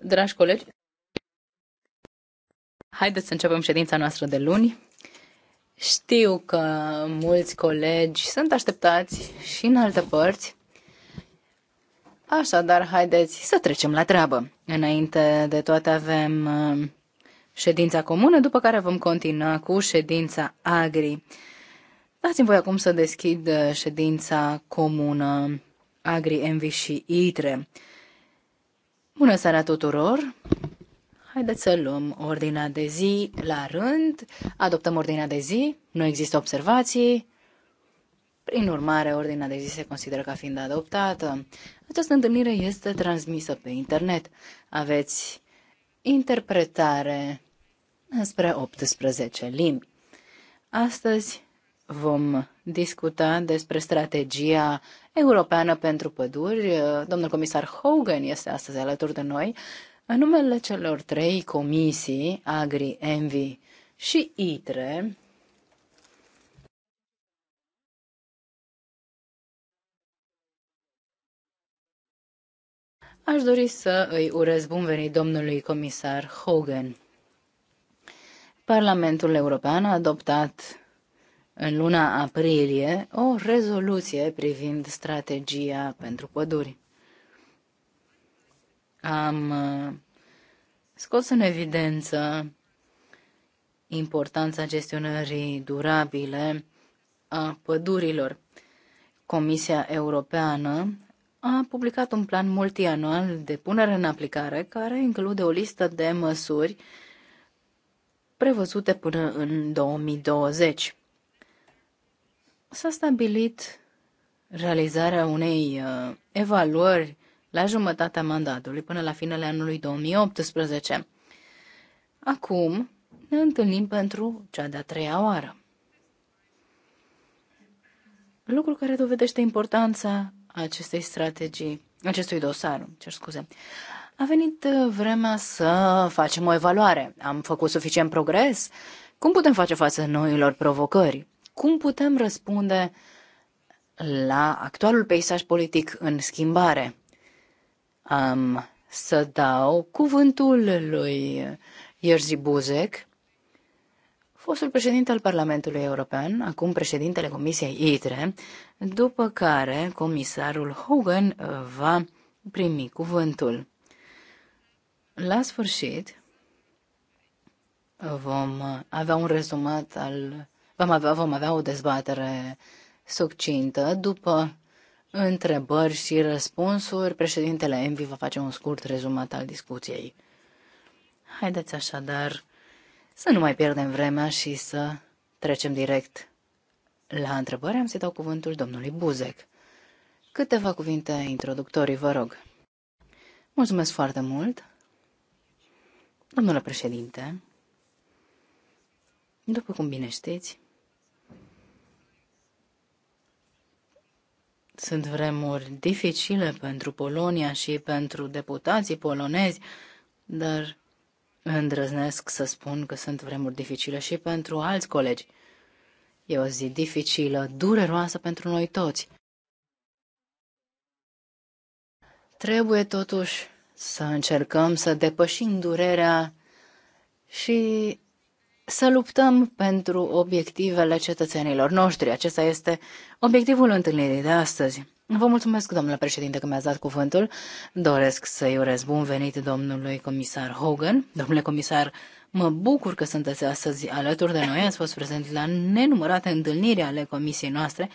Dragi colegi, haideți să începem ședința noastră de luni. Știu că mulți colegi sunt așteptați și în alte părți. Așadar, haideți să trecem la treabă. Înainte de toate avem uh, ședința comună, după care vom continua cu ședința agri. Dați-mi voi acum să deschid uh, ședința comună Agri, Envi și ITRE. Bună seara tuturor! Haideți să luăm ordinea de zi la rând. Adoptăm ordinea de zi. Nu există observații. Prin urmare, ordinea de zi se consideră ca fiind adoptată. Această întâlnire este transmisă pe internet. Aveți interpretare înspre 18 limbi. Astăzi vom discuta despre strategia europeană pentru păduri. Domnul comisar Hogan este astăzi alături de noi. În numele celor trei comisii, Agri, Envi și ITRE, Aș dori să îi urez bun venit domnului comisar Hogan. Parlamentul European a adoptat în luna aprilie o rezoluție privind strategia pentru păduri. Am uh, scos în evidență importanța gestionării durabile a pădurilor. Comisia Europeană a publicat un plan multianual de punere în aplicare care include o listă de măsuri prevăzute până în 2020 s-a stabilit realizarea unei uh, evaluări la jumătatea mandatului până la finele anului 2018. Acum ne întâlnim pentru cea de-a treia oară. Lucru care dovedește importanța acestei strategii, acestui dosar, cer scuze. A venit uh, vremea să facem o evaluare. Am făcut suficient progres? Cum putem face față noilor provocări? cum putem răspunde la actualul peisaj politic în schimbare. Am să dau cuvântul lui Jerzy Buzek, fostul președinte al Parlamentului European, acum președintele Comisiei ITRE, după care comisarul Hogan va primi cuvântul. La sfârșit, vom avea un rezumat al Vom avea, vom avea o dezbatere succintă după întrebări și răspunsuri. Președintele Envi va face un scurt rezumat al discuției. Haideți așadar să nu mai pierdem vremea și să trecem direct la întrebări. Am să dau cuvântul domnului Buzec. Câteva cuvinte introductorii, vă rog. Mulțumesc foarte mult. Domnule președinte, după cum bine știți, Sunt vremuri dificile pentru Polonia și pentru deputații polonezi, dar îndrăznesc să spun că sunt vremuri dificile și pentru alți colegi. E o zi dificilă, dureroasă pentru noi toți. Trebuie totuși să încercăm să depășim durerea și să luptăm pentru obiectivele cetățenilor noștri. Acesta este obiectivul întâlnirii de astăzi. Vă mulțumesc, domnule președinte, că mi-ați dat cuvântul. Doresc să-i urez bun venit domnului comisar Hogan. Domnule comisar, mă bucur că sunteți astăzi alături de noi. Ați fost prezent la nenumărate întâlniri ale comisiei noastre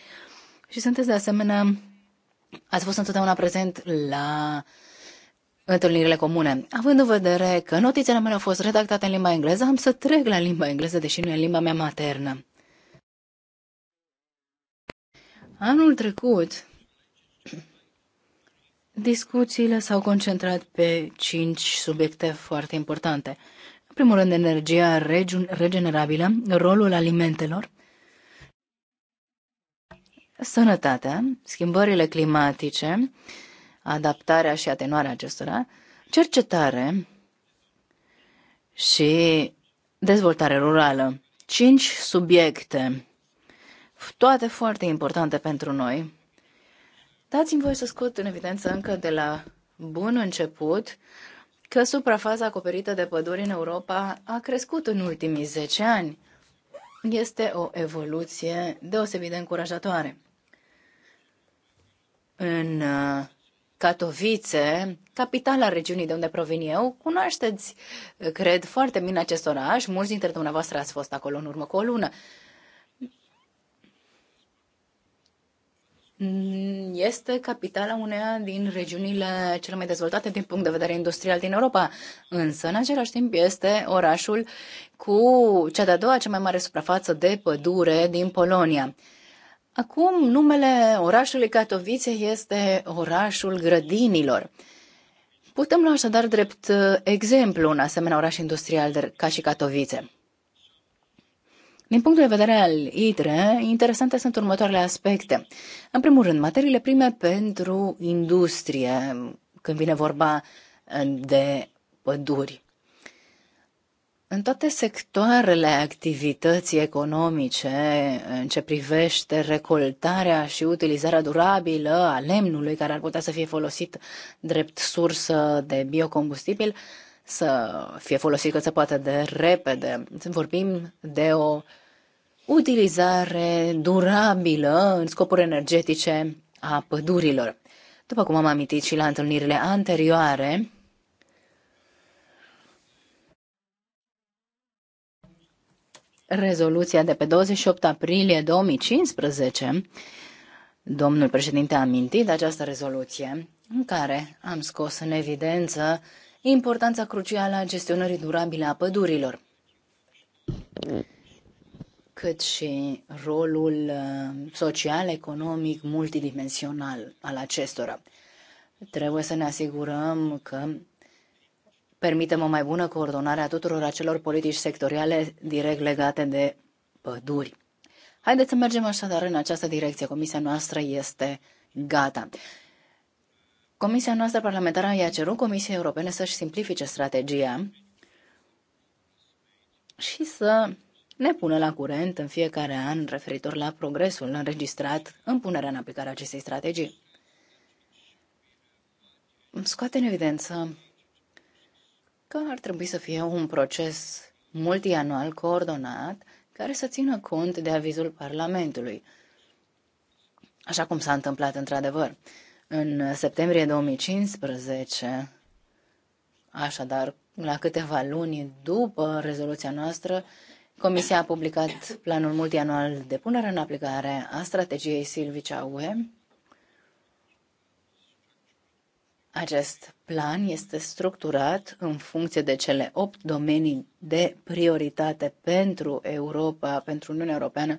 și sunteți de asemenea, ați fost întotdeauna prezent la uh, întâlnirile comune. Având în vedere că notițele mele au fost redactate în limba engleză, am să trec la limba engleză, deși nu e limba mea maternă. Anul trecut, discuțiile s-au concentrat pe cinci subiecte foarte importante. În primul rând, energia regenerabilă, rolul alimentelor, sănătatea, schimbările climatice, adaptarea și atenuarea acestora, cercetare și dezvoltare rurală. Cinci subiecte, toate foarte importante pentru noi. Dați-mi voi să scot în evidență încă de la bun început că suprafața acoperită de păduri în Europa a crescut în ultimii 10 ani. Este o evoluție deosebit de încurajatoare. În uh, Katowice, capitala regiunii de unde provin eu, cunoașteți, cred, foarte bine acest oraș. Mulți dintre dumneavoastră ați fost acolo în urmă cu o lună. Este capitala uneia din regiunile cele mai dezvoltate din punct de vedere industrial din Europa, însă în același timp este orașul cu cea de-a doua cea mai mare suprafață de pădure din Polonia. Acum, numele orașului Katowice este orașul grădinilor. Putem lua așadar drept uh, exemplu un asemenea oraș industrial ca și Katowice. Din punctul de vedere al ITRE, interesante sunt următoarele aspecte. În primul rând, materiile prime pentru industrie, când vine vorba uh, de păduri. În toate sectoarele activității economice, în ce privește recoltarea și utilizarea durabilă a lemnului, care ar putea să fie folosit drept sursă de biocombustibil, să fie folosit cât se poate de repede. Vorbim de o utilizare durabilă în scopuri energetice a pădurilor. După cum am amintit și la întâlnirile anterioare, rezoluția de pe 28 aprilie 2015, domnul președinte a amintit această rezoluție, în care am scos în evidență importanța crucială a gestionării durabile a pădurilor, cât și rolul uh, social, economic, multidimensional al acestora. Trebuie să ne asigurăm că permitem o mai bună coordonare a tuturor acelor politici sectoriale direct legate de păduri. Haideți să mergem așadar în această direcție. Comisia noastră este gata. Comisia noastră parlamentară i-a cerut Comisiei Europene să-și simplifice strategia și să ne pună la curent în fiecare an referitor la progresul înregistrat în punerea în aplicare a acestei strategii. Scoate în evidență că ar trebui să fie un proces multianual coordonat care să țină cont de avizul Parlamentului, așa cum s-a întâmplat într-adevăr. În septembrie 2015, așadar, la câteva luni după rezoluția noastră, Comisia a publicat planul multianual de punere în aplicare a strategiei silvice UE Acest plan este structurat în funcție de cele opt domenii de prioritate pentru Europa, pentru Uniunea Europeană,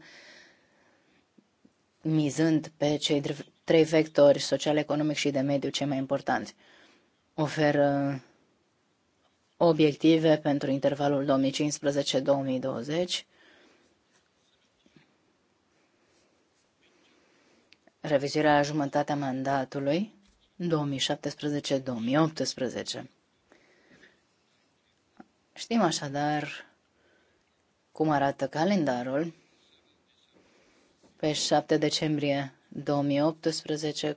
mizând pe cei trei vectori, social, economic și de mediu, cei mai importanți. Oferă obiective pentru intervalul 2015-2020, revizuirea la jumătatea mandatului, 2017-2018. Știm așadar cum arată calendarul. Pe 7 decembrie 2018,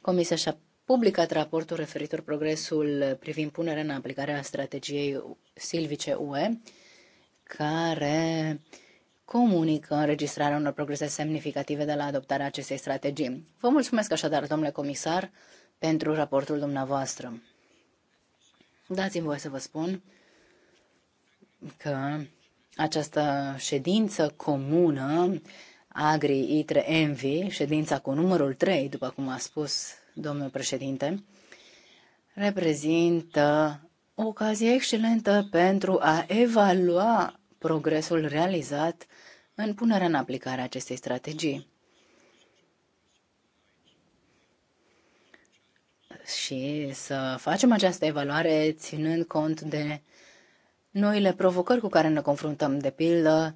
Comisia și-a publicat raportul referitor progresul privind punerea în aplicare a strategiei silvice UE, care comunică înregistrarea unor progrese semnificative de la adoptarea acestei strategii. Vă mulțumesc așadar, domnule comisar, pentru raportul dumneavoastră. Dați-mi voie să vă spun că această ședință comună Agri Itre Envi, ședința cu numărul 3, după cum a spus domnul președinte, reprezintă o ocazie excelentă pentru a evalua progresul realizat în punerea în aplicare a acestei strategii. și să facem această evaluare ținând cont de noile provocări cu care ne confruntăm, de pildă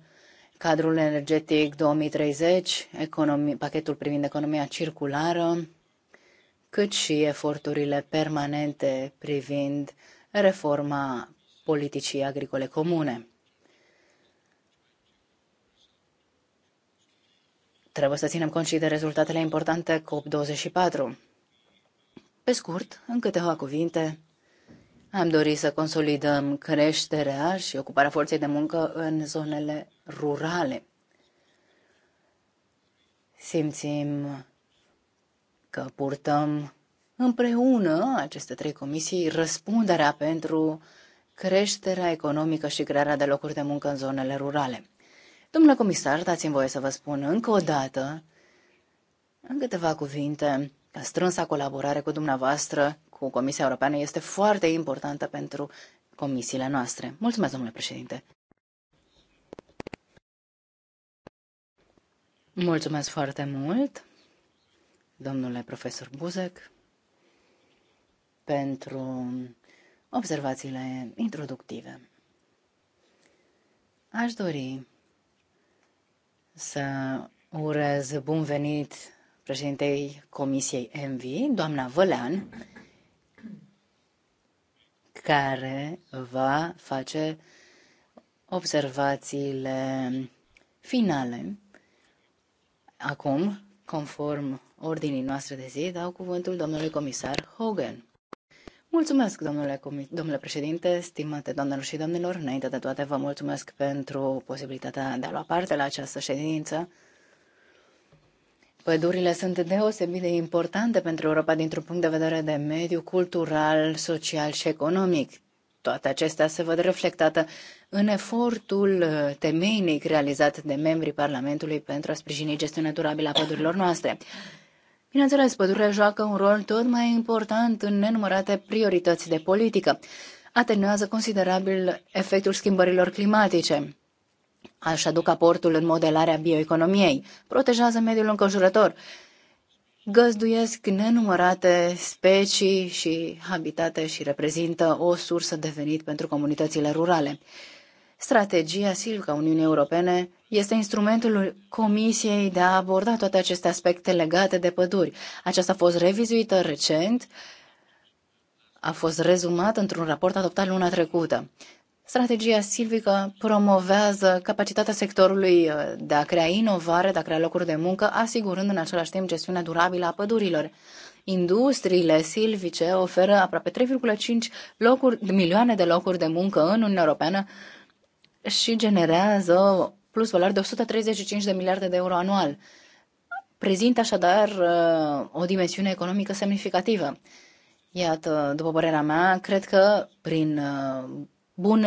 cadrul energetic 2030, economi, pachetul privind economia circulară, cât și eforturile permanente privind reforma politicii agricole comune. Trebuie să ținem cont și de rezultatele importante COP24. Pe scurt, în câteva cuvinte, am dorit să consolidăm creșterea și ocuparea forței de muncă în zonele rurale. Simțim că purtăm împreună aceste trei comisii răspunderea pentru creșterea economică și crearea de locuri de muncă în zonele rurale. Domnule comisar, dați-mi voie să vă spun încă o dată, în câteva cuvinte, strânsa colaborare cu dumneavoastră, cu Comisia Europeană, este foarte importantă pentru comisiile noastre. Mulțumesc, domnule președinte! Mulțumesc foarte mult, domnule profesor Buzek, pentru observațiile introductive. Aș dori să urez bun venit președintei Comisiei Envi, doamna Vălean, care va face observațiile finale. Acum, conform ordinii noastre de zi, dau cuvântul domnului comisar Hogan. Mulțumesc, domnule, domnule președinte, stimate doamnelor și domnilor. Înainte de toate, vă mulțumesc pentru posibilitatea de a lua parte la această ședință. Pădurile sunt deosebit de importante pentru Europa dintr-un punct de vedere de mediu, cultural, social și economic. Toate acestea se văd reflectate în efortul uh, temeinic realizat de membrii Parlamentului pentru a sprijini gestiunea durabilă a pădurilor noastre. Bineînțeles, pădurile joacă un rol tot mai important în nenumărate priorități de politică. Atenuează considerabil efectul schimbărilor climatice aș aduc aportul în modelarea bioeconomiei, protejează mediul înconjurător, găzduiesc nenumărate specii și habitate și reprezintă o sursă de venit pentru comunitățile rurale. Strategia Silca Uniunii Europene este instrumentul Comisiei de a aborda toate aceste aspecte legate de păduri. Aceasta a fost revizuită recent, a fost rezumată într-un raport adoptat luna trecută. Strategia silvică promovează capacitatea sectorului uh, de a crea inovare, de a crea locuri de muncă, asigurând în același timp gestiunea durabilă a pădurilor. Industriile silvice oferă aproape 3,5 milioane de locuri de muncă în Uniunea Europeană și generează plus valoare de 135 de miliarde de euro anual. Prezintă așadar uh, o dimensiune economică semnificativă. Iată, după părerea mea, cred că prin uh,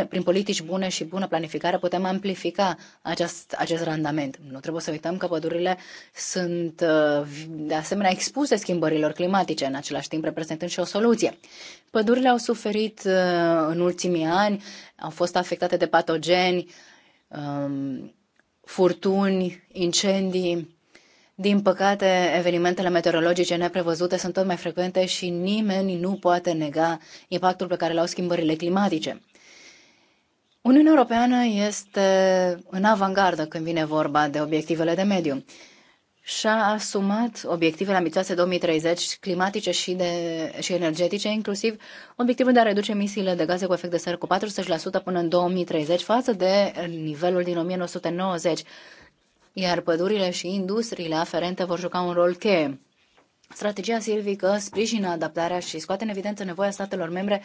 prin politici bune și bună planificare putem amplifica acest, acest randament. Nu trebuie să uităm că pădurile sunt uh, de asemenea expuse schimbărilor climatice, în același timp reprezentând și o soluție. Pădurile au suferit uh, în ultimii ani, au fost afectate de patogeni, um, furtuni, incendii. Din păcate, evenimentele meteorologice neprevăzute sunt tot mai frecvente și nimeni nu poate nega impactul pe care l-au schimbările climatice. Uniunea Europeană este în avangardă când vine vorba de obiectivele de mediu. Și-a asumat obiectivele ambițioase 2030 climatice și, de, și energetice, inclusiv obiectivul de a reduce emisiile de gaze cu efect de seră cu 40% până în 2030 față de nivelul din 1990, iar pădurile și industriile aferente vor juca un rol cheie. Strategia silvică sprijină adaptarea și scoate în evidență nevoia statelor membre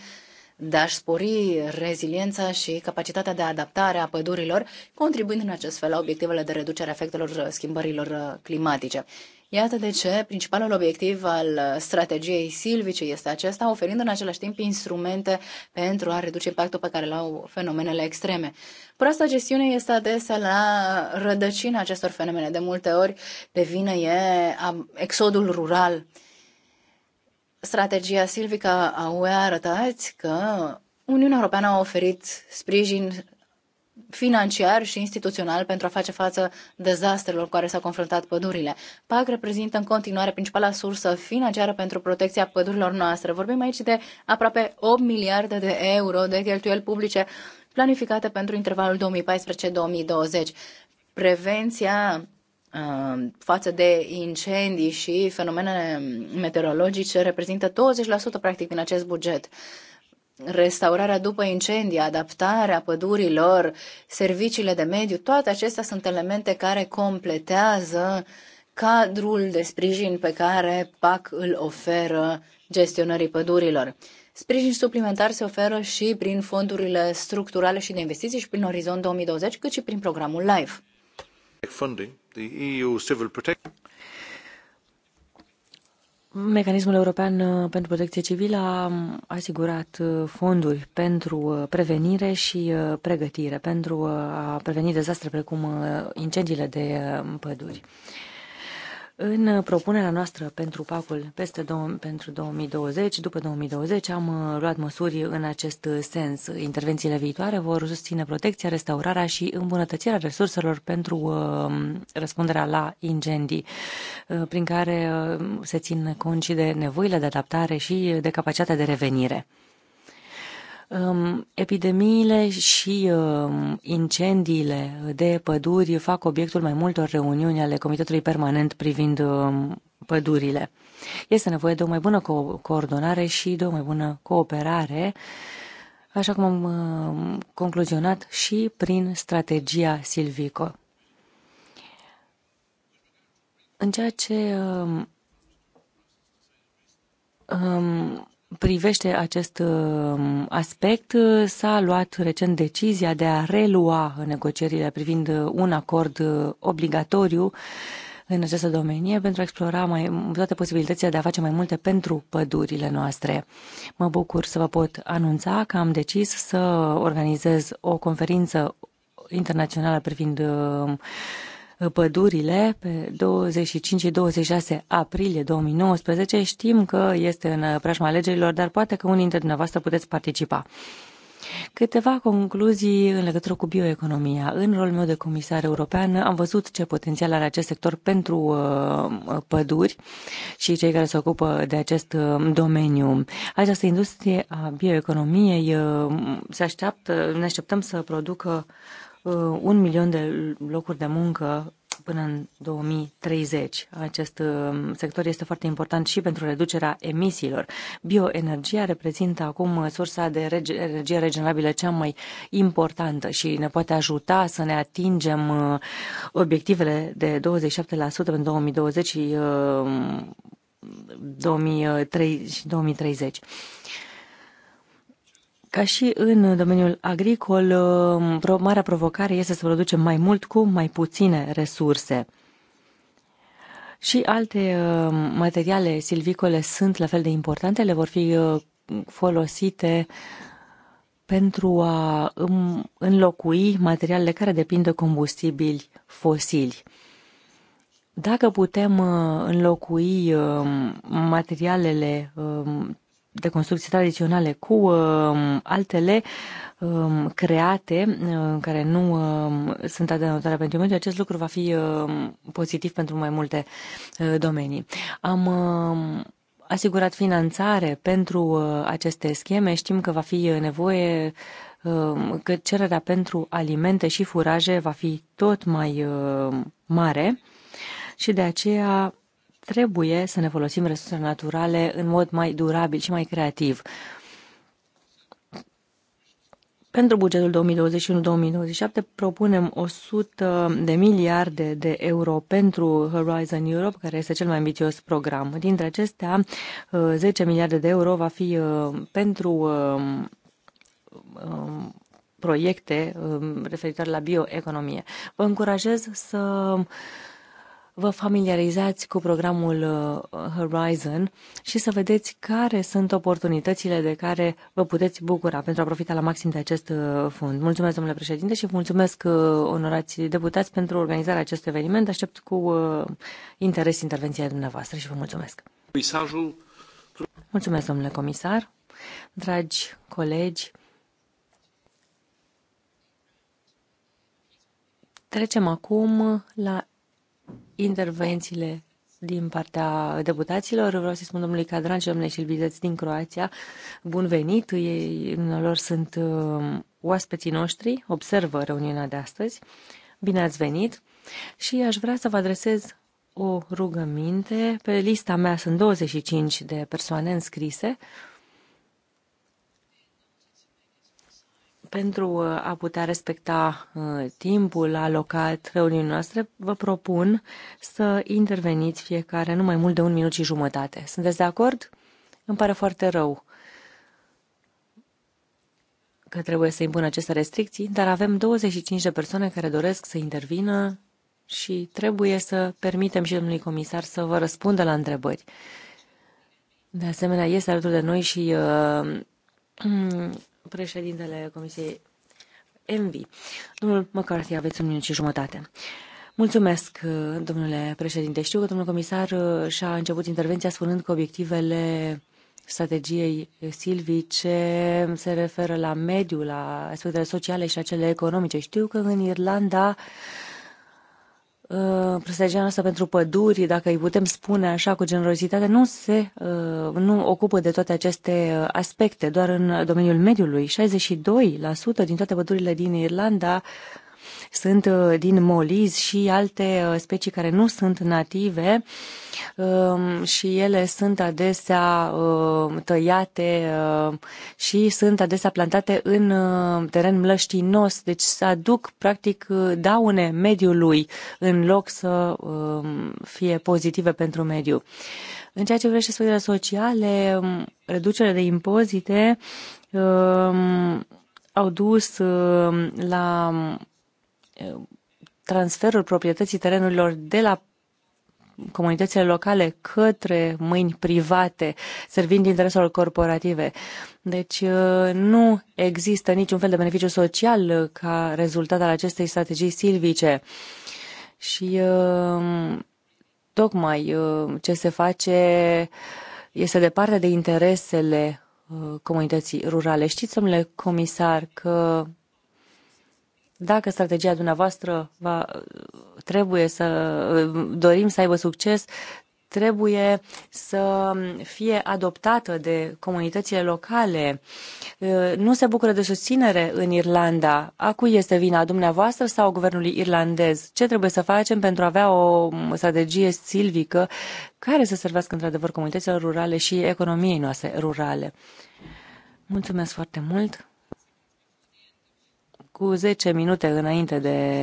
de a-și spori reziliența și capacitatea de adaptare a pădurilor, contribuind în acest fel la obiectivele de reducere a efectelor schimbărilor uh, climatice. Iată de ce principalul obiectiv al uh, strategiei silvice este acesta, oferind în același timp instrumente pentru a reduce impactul pe care îl au fenomenele extreme. Proasta gestiune este adesea la rădăcina acestor fenomene. De multe ori, de vină e exodul rural strategia silvică a UE a arătat că Uniunea Europeană a oferit sprijin financiar și instituțional pentru a face față dezastrelor cu care s-au confruntat pădurile. PAC reprezintă în continuare principala sursă financiară pentru protecția pădurilor noastre. Vorbim aici de aproape 8 miliarde de euro de cheltuieli publice planificate pentru intervalul 2014-2020. Prevenția Um, față de incendii și fenomene meteorologice reprezintă 20% practic din acest buget. Restaurarea după incendii, adaptarea pădurilor, serviciile de mediu, toate acestea sunt elemente care completează cadrul de sprijin pe care PAC îl oferă gestionării pădurilor. Sprijin suplimentar se oferă și prin fondurile structurale și de investiții și prin Orizont 2020, cât și prin programul LIFE. Mecanismul European uh, pentru Protecție Civilă a um, asigurat uh, fonduri pentru uh, prevenire și pregătire, pentru a preveni dezastre precum incendiile de păduri. În uh, propunerea noastră pentru pacul peste dou- pentru 2020, după 2020, am uh, luat măsuri în acest uh, sens. Intervențiile viitoare vor susține protecția, restaurarea și îmbunătățirea resurselor pentru uh, răspunderea la incendii, uh, prin care uh, se țin cont și de nevoile de adaptare și de capacitatea de revenire. Um, epidemiile și um, incendiile de păduri fac obiectul mai multor reuniuni ale Comitetului Permanent privind um, pădurile. Este nevoie de o mai bună co- coordonare și de o mai bună cooperare, așa cum am concluzionat și prin strategia Silvico. În ceea ce um, privește acest uh, aspect, uh, s-a luat recent decizia de a relua negocierile privind uh, un acord obligatoriu în această domenie pentru a explora mai, toate posibilitățile de a face mai multe pentru pădurile noastre. Mă bucur să vă pot anunța că am decis să organizez o conferință internațională privind pădurile pe 25 și 26 aprilie 2019. Știm că este în preajma alegerilor, dar poate că unii dintre dumneavoastră puteți participa. Câteva concluzii în legătură cu bioeconomia. În rolul meu de comisar european am văzut ce potențial are acest sector pentru uh, păduri și cei care se ocupă de acest uh, domeniu. Această industrie a bioeconomiei uh, se așteaptă, ne așteptăm să producă Uh, un milion de locuri de muncă până în 2030. Acest um, sector este foarte important și pentru reducerea emisiilor. Bioenergia reprezintă acum uh, sursa de energie regenerabilă cea mai importantă și ne poate ajuta să ne atingem uh, obiectivele de 27% în 2020 și 2030. Ca și în domeniul agricol, marea provocare este să producem mai mult cu mai puține resurse. Și alte uh, materiale silvicole sunt la fel de importante, le vor fi uh, folosite pentru a înlocui materialele care depind de combustibili fosili. Dacă putem uh, înlocui materialele um, de construcții tradiționale cu uh, altele uh, create uh, care nu uh, sunt atât de notare pentru mediu, acest lucru va fi uh, pozitiv pentru mai multe uh, domenii. Am uh, asigurat finanțare pentru uh, aceste scheme, știm că va fi uh, nevoie uh, că cererea pentru alimente și furaje va fi tot mai uh, mare și de aceea trebuie să ne folosim resursele naturale în mod mai durabil și mai creativ. Pentru bugetul 2021-2027 propunem 100 de miliarde de euro pentru Horizon Europe, care este cel mai ambițios program. Dintre acestea, 10 uh, miliarde de euro va fi uh, pentru uh, um, proiecte um, referitoare la bioeconomie. Vă încurajez să vă familiarizați cu programul uh, Horizon și să vedeți care sunt oportunitățile de care vă puteți bucura pentru a profita la maxim de acest uh, fond. Mulțumesc, domnule președinte, și mulțumesc, uh, onorați deputați, pentru organizarea acestui eveniment. Aștept cu interes intervenția dumneavoastră și vă mulțumesc. Comisarul... Mulțumesc, domnule comisar, dragi colegi. Trecem acum la intervențiile din partea deputaților. Vreau să spun domnului Cadran și domnule Silvizeți din Croația, bun venit, ei lor sunt uh, oaspeții noștri, observă reuniunea de astăzi. Bine ați venit și aș vrea să vă adresez o rugăminte. Pe lista mea sunt 25 de persoane înscrise. Pentru uh, a putea respecta uh, timpul alocat reuniunii noastre, vă propun să interveniți fiecare nu mai mult de un minut și jumătate. Sunteți de acord? Îmi pare foarte rău că trebuie să impun aceste restricții, dar avem 25 de persoane care doresc să intervină și trebuie să permitem și domnului comisar să vă răspundă la întrebări. De asemenea, este alături de noi și uh, președintele Comisiei Envi. Domnul McCarthy, aveți un minut și jumătate. Mulțumesc, domnule președinte. Știu că domnul comisar uh, și-a început intervenția spunând că obiectivele strategiei silvice se referă la mediu, la aspectele sociale și la cele economice. Știu că în Irlanda Uh, strategia noastră pentru păduri, dacă îi putem spune așa cu generozitate, nu se uh, nu ocupă de toate aceste uh, aspecte, doar în domeniul mediului. 62% din toate pădurile din Irlanda uh, sunt uh, din moliz și alte uh, specii care nu sunt native um, și ele sunt adesea uh, tăiate și sunt adesea plantate în teren mlăștinos, deci să aduc practic daune mediului în loc să um, fie pozitive pentru mediu. În ceea ce vrește studiile sociale, um, reducerea de impozite au dus la transferul proprietății terenurilor de la comunitățile locale către mâini private, servind intereselor corporative. Deci uh, nu există niciun fel de beneficiu social uh, ca rezultat al acestei strategii silvice. Și uh, tocmai ce se face este departe de interesele comunității rurale. Știți, domnule comisar, că dacă strategia dumneavoastră va, trebuie să dorim să aibă succes, trebuie să fie adoptată de comunitățile locale. Nu se bucură de susținere în Irlanda. A cui este vina, dumneavoastră sau guvernului irlandez? Ce trebuie să facem pentru a avea o strategie silvică care să servească într-adevăr comunităților rurale și economiei noastre rurale? Mulțumesc foarte mult! cu 10 minute înainte de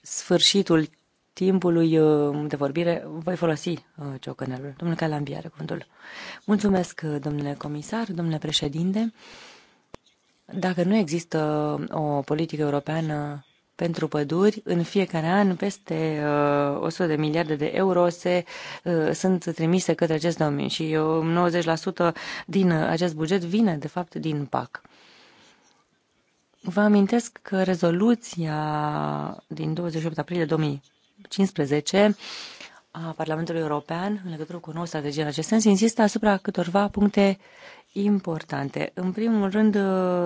sfârșitul timpului uh, de vorbire, voi folosi uh, ciocănelul. Domnul Calambi are cuvântul. Mulțumesc, uh, domnule comisar, domnule președinte. Dacă nu există o politică europeană pentru păduri, în fiecare an peste 100 de miliarde de euro se, sunt trimise către acest domeniu și 90% din acest buget vine, de fapt, din PAC. Vă amintesc că rezoluția din 28 aprilie 2015 a Parlamentului European în legătură cu o nouă strategie în acest sens insistă asupra câtorva puncte importante. În primul rând,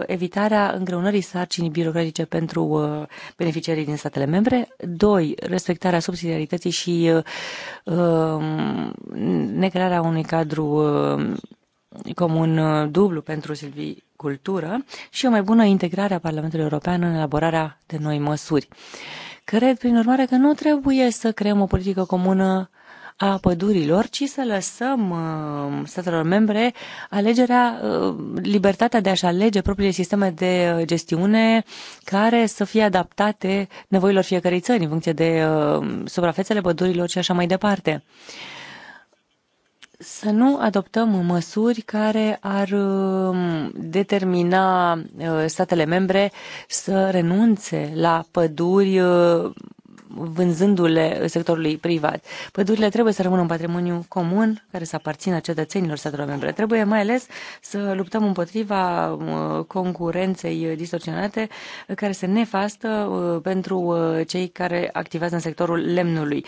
evitarea îngreunării sarcinii birocratice pentru uh, beneficiarii din statele membre. Doi, respectarea subsidiarității și uh, um, necrearea unui cadru uh, comun uh, dublu pentru silvicultură și o mai bună integrare a Parlamentului European în elaborarea de noi măsuri. Cred, prin urmare, că nu trebuie să creăm o politică comună a pădurilor, ci să lăsăm uh, statelor membre alegerea, uh, libertatea de a-și alege propriile sisteme de gestiune care să fie adaptate nevoilor fiecărei țări în funcție de suprafețele pădurilor și așa mai departe să nu adoptăm măsuri care ar um, determina uh, statele membre să renunțe la păduri uh, vânzându-le sectorului privat. Pădurile trebuie să rămână un patrimoniu comun care să aparțină cetățenilor statelor membre. Trebuie mai ales să luptăm împotriva uh, concurenței distorsionate care se nefastă uh, pentru uh, cei care activează în sectorul lemnului.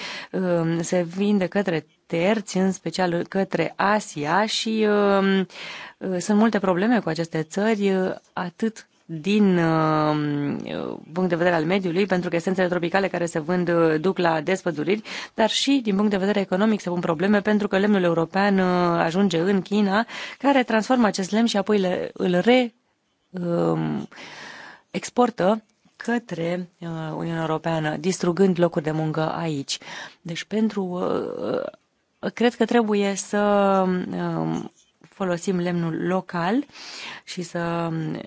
Se vinde către terți, în special către Asia și uh, sunt multe probleme cu aceste țări, atât din uh, punct de vedere al mediului, pentru că esențele tropicale care se vând uh, duc la despăduriri, dar și din punct de vedere economic se pun probleme pentru că lemnul european uh, ajunge în China, care transformă acest lemn și apoi îl re um, exportă către Uniunea Europeană, distrugând locuri de muncă aici. Deci pentru cred că trebuie să um, folosim lemnul local și să um,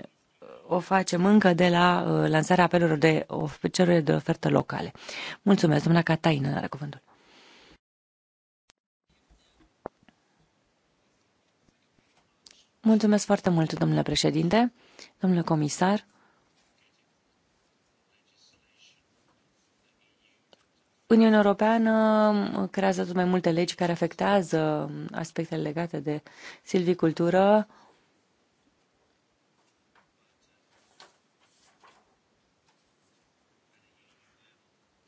o facem încă de la uh, lansarea apelurilor de cerere de ofertă locale. Mulțumesc, doamna Cataină, are cuvântul. Mulțumesc foarte mult, domnule președinte, domnule comisar. Uniunea Europeană creează tot mai multe legi care afectează aspectele legate de silvicultură.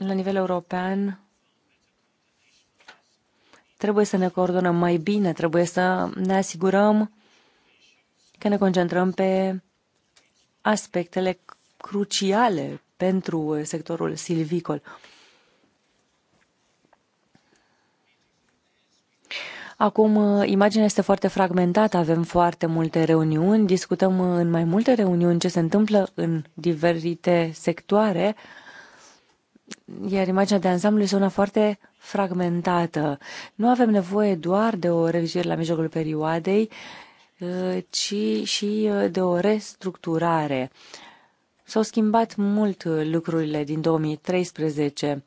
la nivel european, trebuie să ne coordonăm mai bine, trebuie să ne asigurăm că ne concentrăm pe aspectele cruciale pentru sectorul silvicol. Acum, imaginea este foarte fragmentată, avem foarte multe reuniuni, discutăm în mai multe reuniuni ce se întâmplă în diferite sectoare, iar imaginea de ansamblu este una foarte fragmentată. Nu avem nevoie doar de o revizuire la mijlocul perioadei, uh, ci și uh, de o restructurare. S-au schimbat mult uh, lucrurile din 2013.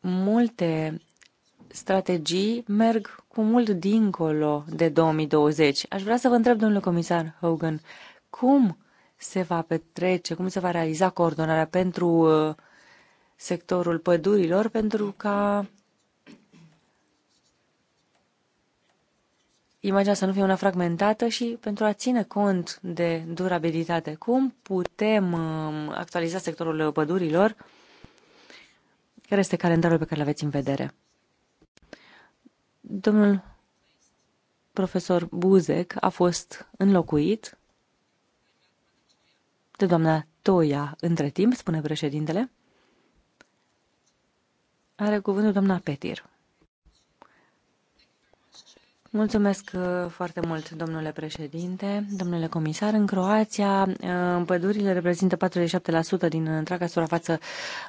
Multe strategii merg cu mult dincolo de 2020. Aș vrea să vă întreb, domnule comisar Hogan, cum se va petrece, cum se va realiza coordonarea pentru uh, sectorul pădurilor, pentru ca imaginea să nu fie una fragmentată și pentru a ține cont de durabilitate. Cum putem uh, actualiza sectorul pădurilor? Care este calendarul pe care îl aveți în vedere? Domnul profesor Buzek a fost înlocuit de doamna Toia între timp, spune președintele. Are cuvântul doamna Petir. Mulțumesc uh, foarte mult, domnule președinte, domnule comisar. În Croația, uh, pădurile reprezintă 47% din întreaga suprafață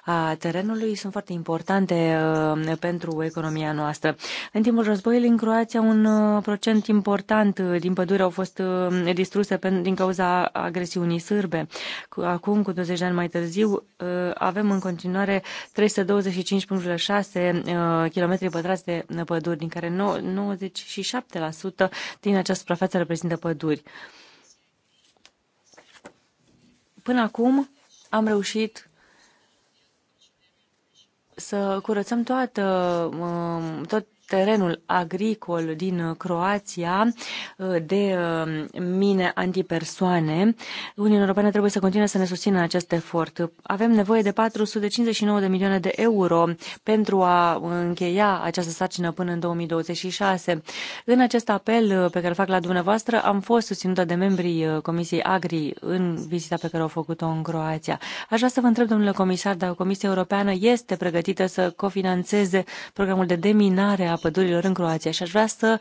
a terenului, sunt foarte importante uh, pentru economia noastră. În timpul războiului în Croația, un procent important din pădure au fost distruse din cauza agresiunii sârbe. Acum, cu 20 de ani mai târziu, avem în continuare 325,6 km pătrați de păduri, din care 96 7% din această suprafață reprezintă păduri. Până acum am reușit să curățăm toată, um, tot, terenul agricol din uh, Croația uh, de uh, mine antipersoane. Uniunea Europeană trebuie să continue să ne susțină acest efort. Avem nevoie de 459 de milioane de euro pentru a încheia această sarcină până în 2026. În acest apel pe care îl fac la dumneavoastră am fost susținută de membrii Comisiei Agri în vizita pe care au făcut-o în Croația. Aș vrea să vă întreb, domnule comisar, dacă Comisia Europeană este pregătită să cofinanțeze programul de deminare a pădurilor în Croația și aș vrea să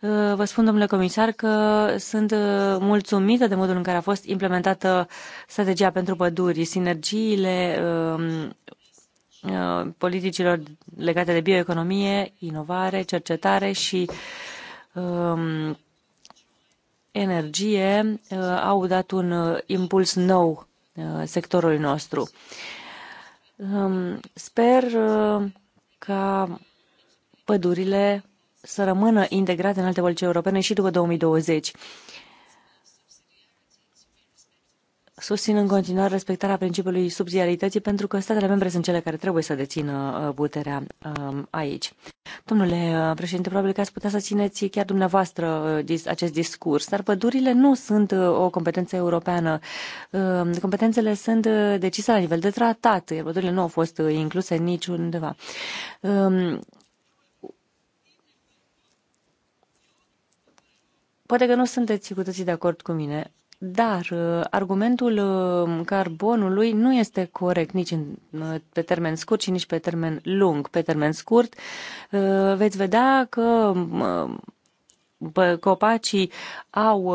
uh, vă spun, domnule comisar, că sunt uh, mulțumită de modul în care a fost implementată strategia pentru păduri, sinergiile um, uh, politicilor legate de bioeconomie, inovare, cercetare și um, energie au dat un impuls nou sectorului nostru. Um, sper ca pădurile să rămână integrate în alte politici europene și după 2020. Susțin în continuare respectarea principiului subsidiarității pentru că statele membre sunt cele care trebuie să dețină uh, puterea um, aici. Domnule uh, președinte, probabil că ați putea să țineți chiar dumneavoastră uh, acest discurs, dar pădurile nu sunt o competență europeană. Um, competențele sunt decise la nivel de tratat, iar pădurile nu au fost incluse niciundeva. Um, Poate că nu sunteți cu toții de acord cu mine, dar uh, argumentul uh, carbonului nu este corect nici uh, pe termen scurt și nici pe termen lung. Pe termen scurt veți vedea că copacii au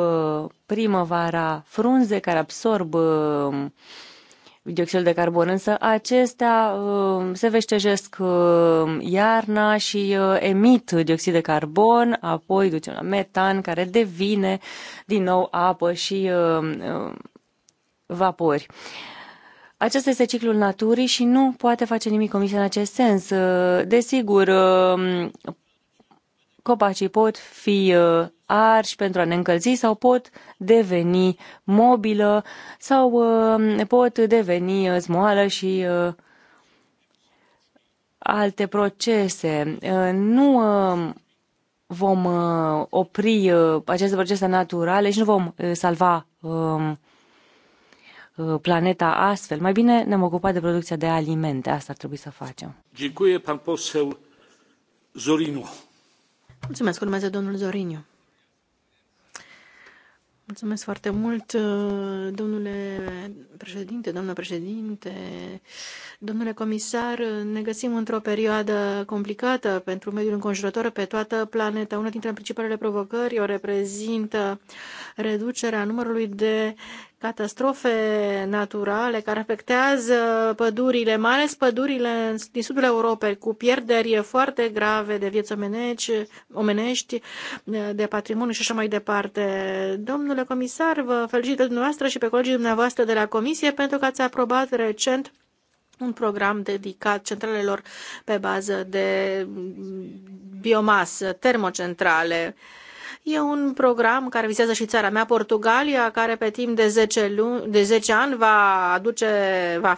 primăvara frunze care absorb dioxid de carbon, însă acestea uh, se veștejesc uh, iarna și uh, emit dioxid de carbon, apoi ducem la metan care devine din nou apă și vapori. Acesta este ciclul naturii și nu poate face nimic comisia în acest sens. Desigur, copacii pot fi arși pentru a ne încălzi sau pot deveni mobilă sau uh, pot deveni uh, zmoală și uh, alte procese. Uh, nu uh, vom uh, opri uh, aceste procese naturale și nu vom uh, salva um, uh, planeta astfel. Mai bine ne-am ocupat de producția de alimente. Asta ar trebui să facem. Dziękuję pan poseł Zorinu. Mulțumesc, urmează domnul Zoriniu. Mulțumesc foarte mult, uh, domnule președinte, domnule președinte, domnule comisar. Ne găsim într-o perioadă complicată pentru mediul înconjurător pe toată planeta. Una dintre principalele provocări o reprezintă reducerea numărului de catastrofe naturale care afectează pădurile, mai ales pădurile din sudul Europei, cu pierderi foarte grave de vieți omenești, omenești de patrimoniu și așa mai departe. Domnule comisar, vă felicit dumneavoastră și pe colegii dumneavoastră de la Comisie pentru că ați aprobat recent un program dedicat centralelor pe bază de biomasă, termocentrale. E un program care vizează și țara mea, Portugalia, care pe timp de 10, luni, de 10 ani va aduce, va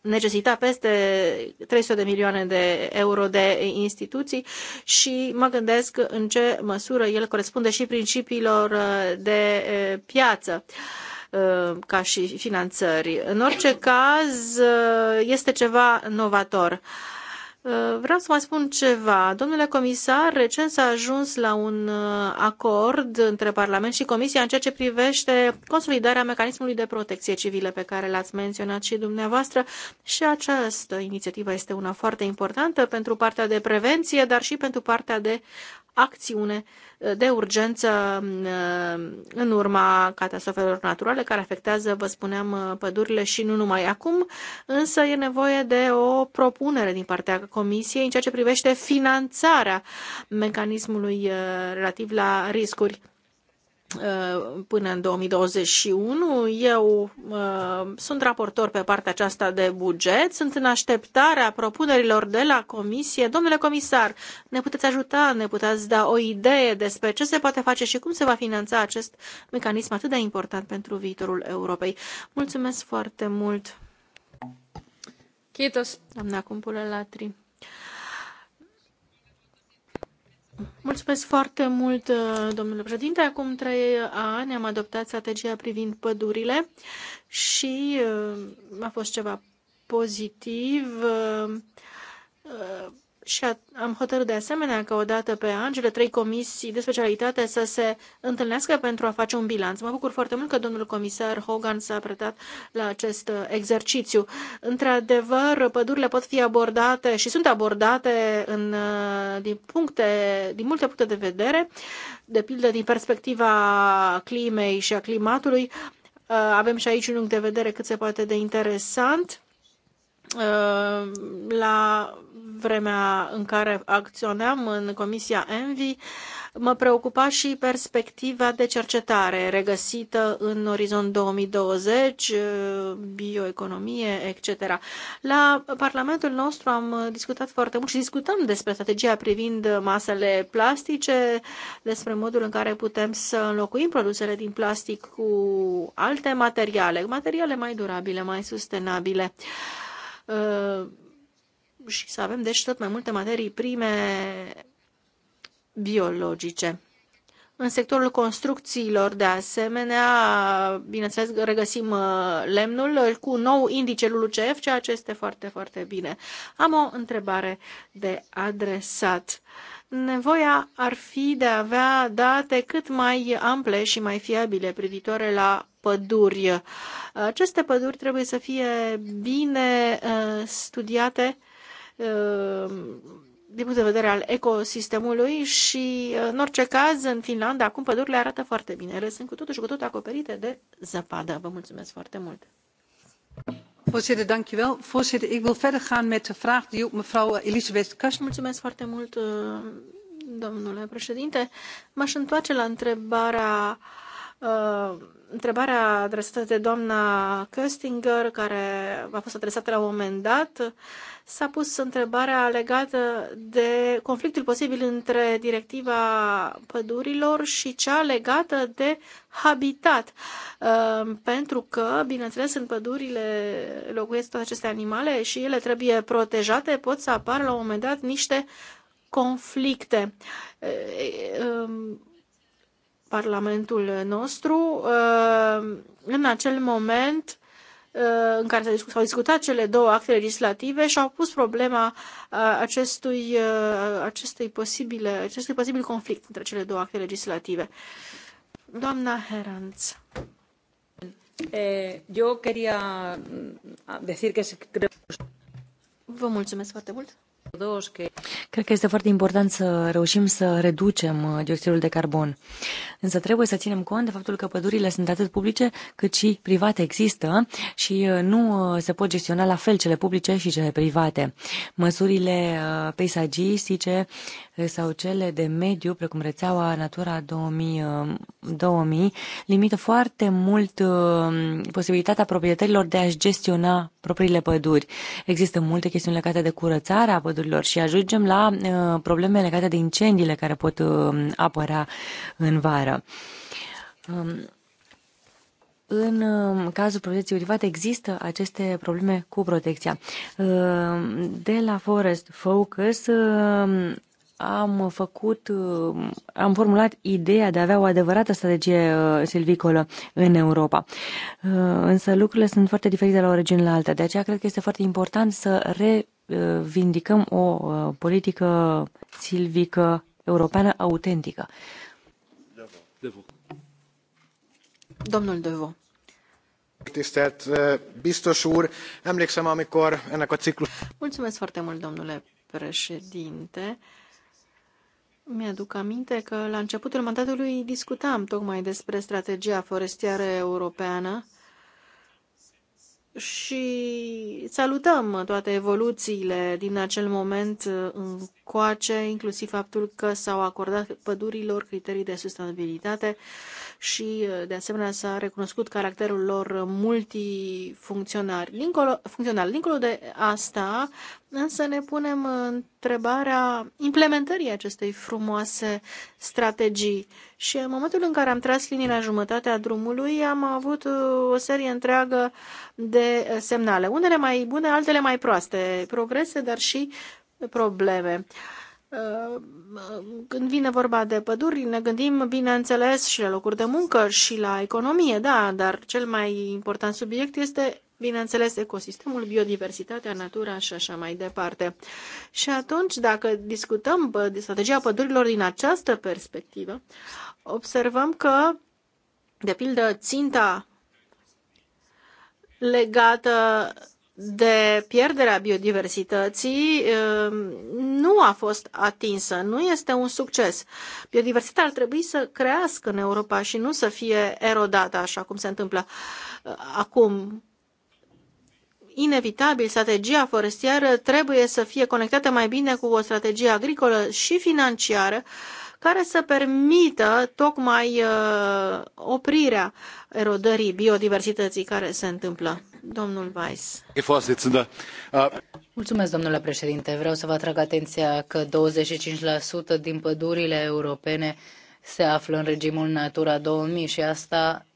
necesita peste 300 de milioane de euro de instituții și mă gândesc în ce măsură el corespunde și principiilor de piață ca și finanțări. În orice caz, este ceva novator. Uh, vreau să mai spun ceva. Domnule comisar, recent s-a ajuns la un uh, acord între Parlament și Comisia în ceea ce privește consolidarea mecanismului de protecție civilă pe care l-ați menționat și dumneavoastră și această inițiativă este una foarte importantă pentru partea de prevenție, dar și pentru partea de acțiune uh, de urgență uh, în urma catastrofelor naturale care afectează, vă spuneam, uh, pădurile și nu numai acum, însă e nevoie de o propunere din partea Comisiei în ceea ce privește finanțarea mecanismului relativ la riscuri. Uh, până în 2021. Eu uh, sunt raportor pe partea aceasta de buget, sunt în așteptarea propunerilor de la comisie. Domnule comisar, ne puteți ajuta, ne puteți da o idee despre ce se poate face și cum se va finanța acest mecanism atât de important pentru viitorul Europei. Mulțumesc foarte mult! Kiitos. Doamna Cumpulă Latri. Mulțumesc foarte mult, uh, domnule președinte. Acum trei ani am adoptat strategia privind pădurile și uh, a fost ceva pozitiv uh, și am hotărât de asemenea că odată pe an cele trei comisii de specialitate să se întâlnească pentru a face un bilanț. Mă bucur foarte mult că domnul comisar Hogan s-a pretat la acest uh, exercițiu. Într-adevăr, pădurile pot fi abordate și sunt abordate în, uh, din, puncte, din multe puncte de vedere, de pildă din perspectiva climei și a climatului. Uh, avem și aici un punct de vedere cât se poate de interesant Uh, la vremea în care acționam în Comisia Envi, mă preocupa și perspectiva de cercetare regăsită în Orizont 2020, uh, bioeconomie, etc. La Parlamentul nostru am discutat foarte mult și discutăm despre strategia privind masele plastice, despre modul în care putem să înlocuim produsele din plastic cu alte materiale, materiale mai durabile, mai sustenabile. Uh, Uh, și să avem deci tot mai multe materii prime biologice. În sectorul construcțiilor, de asemenea, bineînțeles, regăsim uh, lemnul cu nou indice LULUCF, ceea ce este foarte, foarte bine. Am o întrebare de adresat. Nevoia ar fi de a avea date cât mai ample și mai fiabile privitoare la păduri. Aceste păduri trebuie să fie bine uh, studiate uh, din punct de vedere al ecosistemului și, uh, în orice caz, în Finlanda, acum pădurile arată foarte bine. Ele sunt cu totul și cu totul acoperite de zăpadă. Vă mulțumesc foarte mult! Voorzitter, dank u wel. Voorzitter, ik wil verder gaan met de vraag die ook mevrouw eh, Elisabeth Kast... Mulțumesc foarte mult, eh, domnule președinte. M-aș întoarce la întrebarea uh, Uh, întrebarea adresată de doamna Köstinger, care a fost adresată la un moment dat, s-a pus întrebarea legată de conflictul posibil între directiva pădurilor și cea legată de habitat. Uh, pentru că, bineînțeles, în pădurile locuiesc toate aceste animale și ele trebuie protejate, pot să apară la un moment dat niște conflicte. Uh, um, Parlamentul nostru. Uh, în acel moment uh, în care s-au discutat cele două acte legislative și au pus problema uh, acestui, acestui posibile, acestui posibil conflict între cele două acte legislative. Doamna Heranz. Eu eh, quería mm, decir que... Vă mulțumesc foarte mult. Cred că este foarte important să reușim să reducem uh, dioxidul de carbon. Însă trebuie să ținem cont de faptul că pădurile sunt atât publice cât și private există și uh, nu uh, se pot gestiona la fel cele publice și cele private. Măsurile peisagistice sau cele de mediu, precum rețeaua Natura 2000, 2000 limită foarte mult posibilitatea proprietarilor de a-și gestiona propriile păduri. Există multe chestiuni legate de curățarea pădurilor deșeurilor și ajungem la uh, probleme legate de incendiile care pot uh, apărea în vară. Um, în um, cazul protecției private există aceste probleme cu protecția. Um, de la Forest Focus am făcut, am formulat ideea de a avea o adevărată strategie uh, silvicolă în Europa. Însă lucrurile sunt foarte diferite de la o regiune la alta, de aceea cred că este foarte important să re vindicăm o uh, politică silvică europeană autentică. Devo. Domnul Devo. Tisztelt uh, biztos úr, emlékszem, amikor ennek a ciklus... Mulțumesc foarte mult, domnule președinte. Mi-aduc aminte că la începutul mandatului discutam tocmai despre strategia forestieră europeană și salutăm toate evoluțiile din acel moment încoace, inclusiv faptul că s-au acordat pădurilor criterii de sustenabilitate și, uh, de asemenea, s-a recunoscut caracterul lor multifuncțional. Dincolo, funcțional. Dincolo de asta, însă ne punem întrebarea implementării acestei frumoase strategii. Și în momentul în care am tras linii la jumătatea drumului, am avut uh, o serie întreagă de semnale. Unele mai bune, altele mai proaste. Progrese, dar și probleme. Uh, când vine vorba de păduri, ne gândim, bineînțeles, și la locuri de muncă și la economie, da, dar cel mai important subiect este, bineînțeles, ecosistemul, biodiversitatea, natura și așa mai departe. Și atunci, dacă discutăm strategia pădurilor din această perspectivă, observăm că, de pildă, ținta legată de pierderea biodiversității um, nu a fost atinsă, nu este un succes. Biodiversitatea ar trebui să crească în Europa și nu să fie erodată așa cum se întâmplă uh, acum. Inevitabil, strategia forestieră trebuie să fie conectată mai bine cu o strategie agricolă și financiară care să permită tocmai uh, oprirea erodării biodiversității care se întâmplă. Mulțumesc, domnule președinte. Vreau să vă atrag atenția că 25% din pădurile europene se află în regimul Natura mii și asta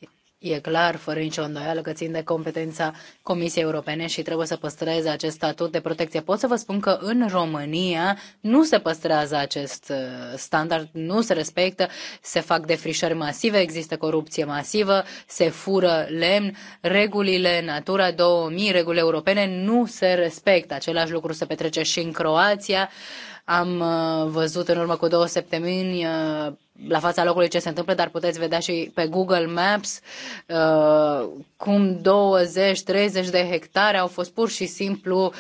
E clar, fără nicio îndoială, că țin de competența Comisiei Europene și trebuie să păstreze acest statut de protecție. Pot să vă spun că în România nu se păstrează acest uh, standard, nu se respectă, se fac defrișări masive, există corupție masivă, se fură lemn, regulile Natura 2000, regulile europene nu se respectă. Același lucru se petrece și în Croația. Uh, am uh, văzut în urmă cu două săptămâni uh, la fața locului ce se întâmplă, dar puteți vedea și pe Google Maps uh, cum 20-30 de hectare au fost pur și simplu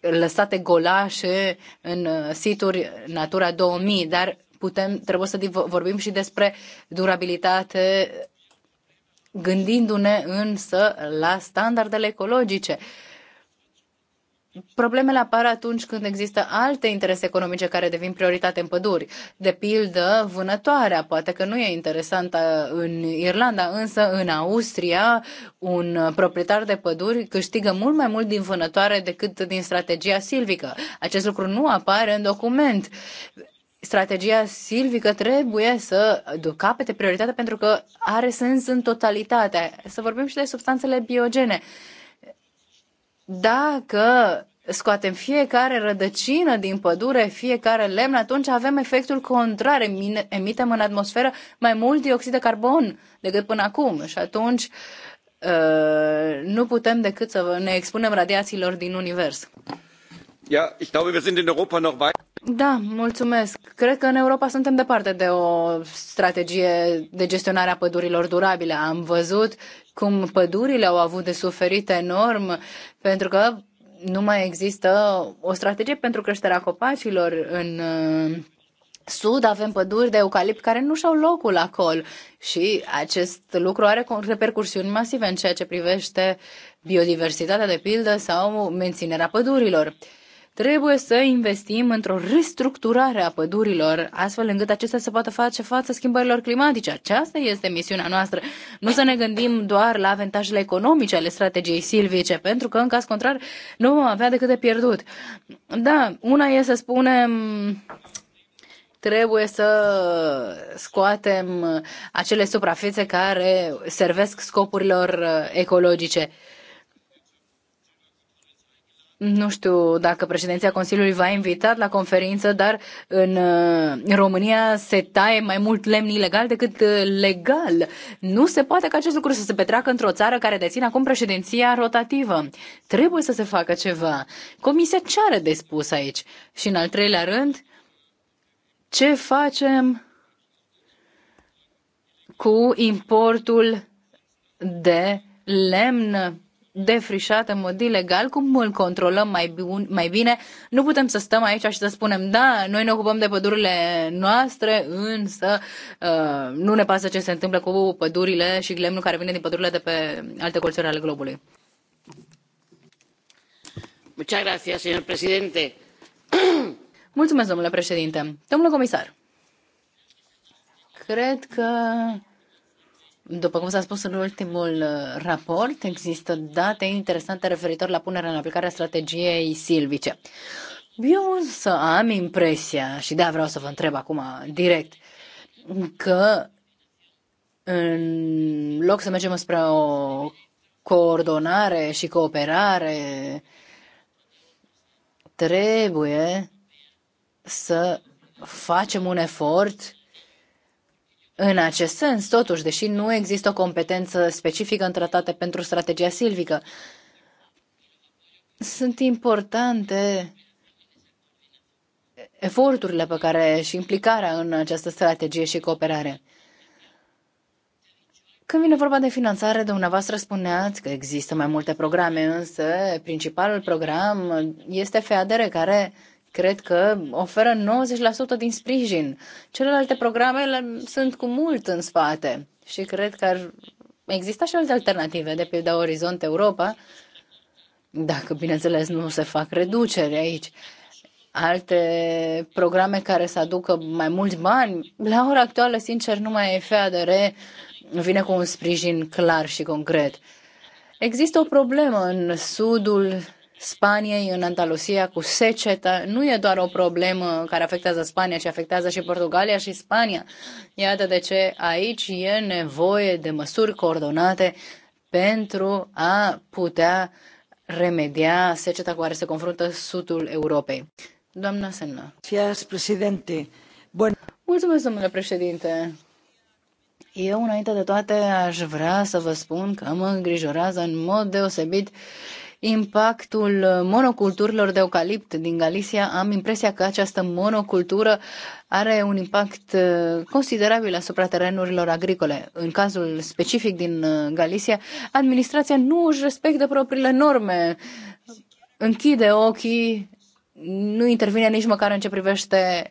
lăsate golașe în situri Natura 2000, dar putem, trebuie să vorbim și despre durabilitate gândindu-ne însă la standardele ecologice. Uh, Problemele apar atunci când există alte interese economice care devin prioritate în păduri. De pildă, vânătoarea. Poate că nu e interesantă în Irlanda, însă în Austria un proprietar de păduri câștigă mult mai mult din vânătoare decât din strategia silvică. Acest lucru nu apare în document strategia silvică trebuie să capete prioritate pentru că are sens în totalitate. Să vorbim și de substanțele biogene. Dacă scoatem fiecare rădăcină din pădure, fiecare lemn, atunci avem efectul contrar, emitem în atmosferă mai mult dioxid de carbon decât până acum și atunci uh, nu putem decât să ne expunem radiațiilor din univers. Da, mulțumesc. Cred că în Europa suntem departe de o strategie de gestionare a pădurilor durabile. Am văzut cum pădurile au avut de suferit enorm pentru că nu mai există o strategie pentru creșterea copacilor în uh, sud avem păduri de eucalipt care nu și-au locul acolo și acest lucru are repercursiuni masive în ceea ce privește biodiversitatea de pildă sau menținerea pădurilor. Trebuie să investim într-o restructurare a pădurilor, astfel încât acestea să poată face față schimbărilor climatice. Aceasta este misiunea noastră. Nu să ne gândim doar la avantajele economice ale strategiei silvice, pentru că, în caz contrar, nu vom avea decât de pierdut. Da, una e să spunem trebuie să scoatem acele suprafețe care servesc scopurilor uh, ecologice. Nu știu dacă președinția Consiliului v-a invitat la conferință, dar în, uh, în România se taie mai mult lemn ilegal decât uh, legal. Nu se poate ca acest lucru să se petreacă într-o țară care deține acum președinția rotativă. Trebuie să se facă ceva. Comisia ce are de spus aici? Și în al treilea rând, ce facem cu importul de lemn defrișat în mod ilegal, cum îl controlăm mai, bun, mai bine. Nu putem să stăm aici și să spunem, da, noi ne ocupăm de pădurile noastre, însă uh, nu ne pasă ce se întâmplă cu pădurile și lemnul care vine din pădurile de pe alte colțuri ale globului. Muchas gracias, señor presidente. Mulțumesc, domnule președinte. Domnule comisar, cred că după cum s-a spus în ultimul uh, raport, există date interesante referitor la punerea în aplicare a strategiei silvice. Eu însă am impresia, și da, vreau să vă întreb acum direct, că în loc să mergem spre o coordonare și cooperare, trebuie să facem un efort în acest sens, totuși, deși nu există o competență specifică în tratate pentru strategia silvică, sunt importante eforturile pe care și implicarea în această strategie și cooperare. Când vine vorba de finanțare, dumneavoastră spuneați că există mai multe programe, însă principalul program este FADR, care cred că oferă 90% din sprijin. Celelalte programe sunt cu mult în spate și cred că ar exista și alte alternative, de pildă Orizont Europa, dacă, bineînțeles, nu se fac reduceri aici. Alte programe care să aducă mai mulți bani, la ora actuală, sincer, nu mai de FADR vine cu un sprijin clar și concret. Există o problemă în sudul Spaniei, în Andalusia, cu secetă. Nu e doar o problemă care afectează Spania, ci afectează și Portugalia și Spania. Iată de ce aici e nevoie de măsuri coordonate pentru a putea remedia seceta cu care se confruntă sudul Europei. Doamna Senna. Bun. Mulțumesc, domnule președinte. Eu, înainte de toate, aș vrea să vă spun că mă îngrijorează în mod deosebit uh, impactul monoculturilor de eucalipt din Galicia, am impresia că această monocultură are un impact uh, considerabil asupra terenurilor agricole. În cazul specific din uh, Galicia, administrația nu își respectă propriile norme, închide ochii, nu intervine nici măcar în ce privește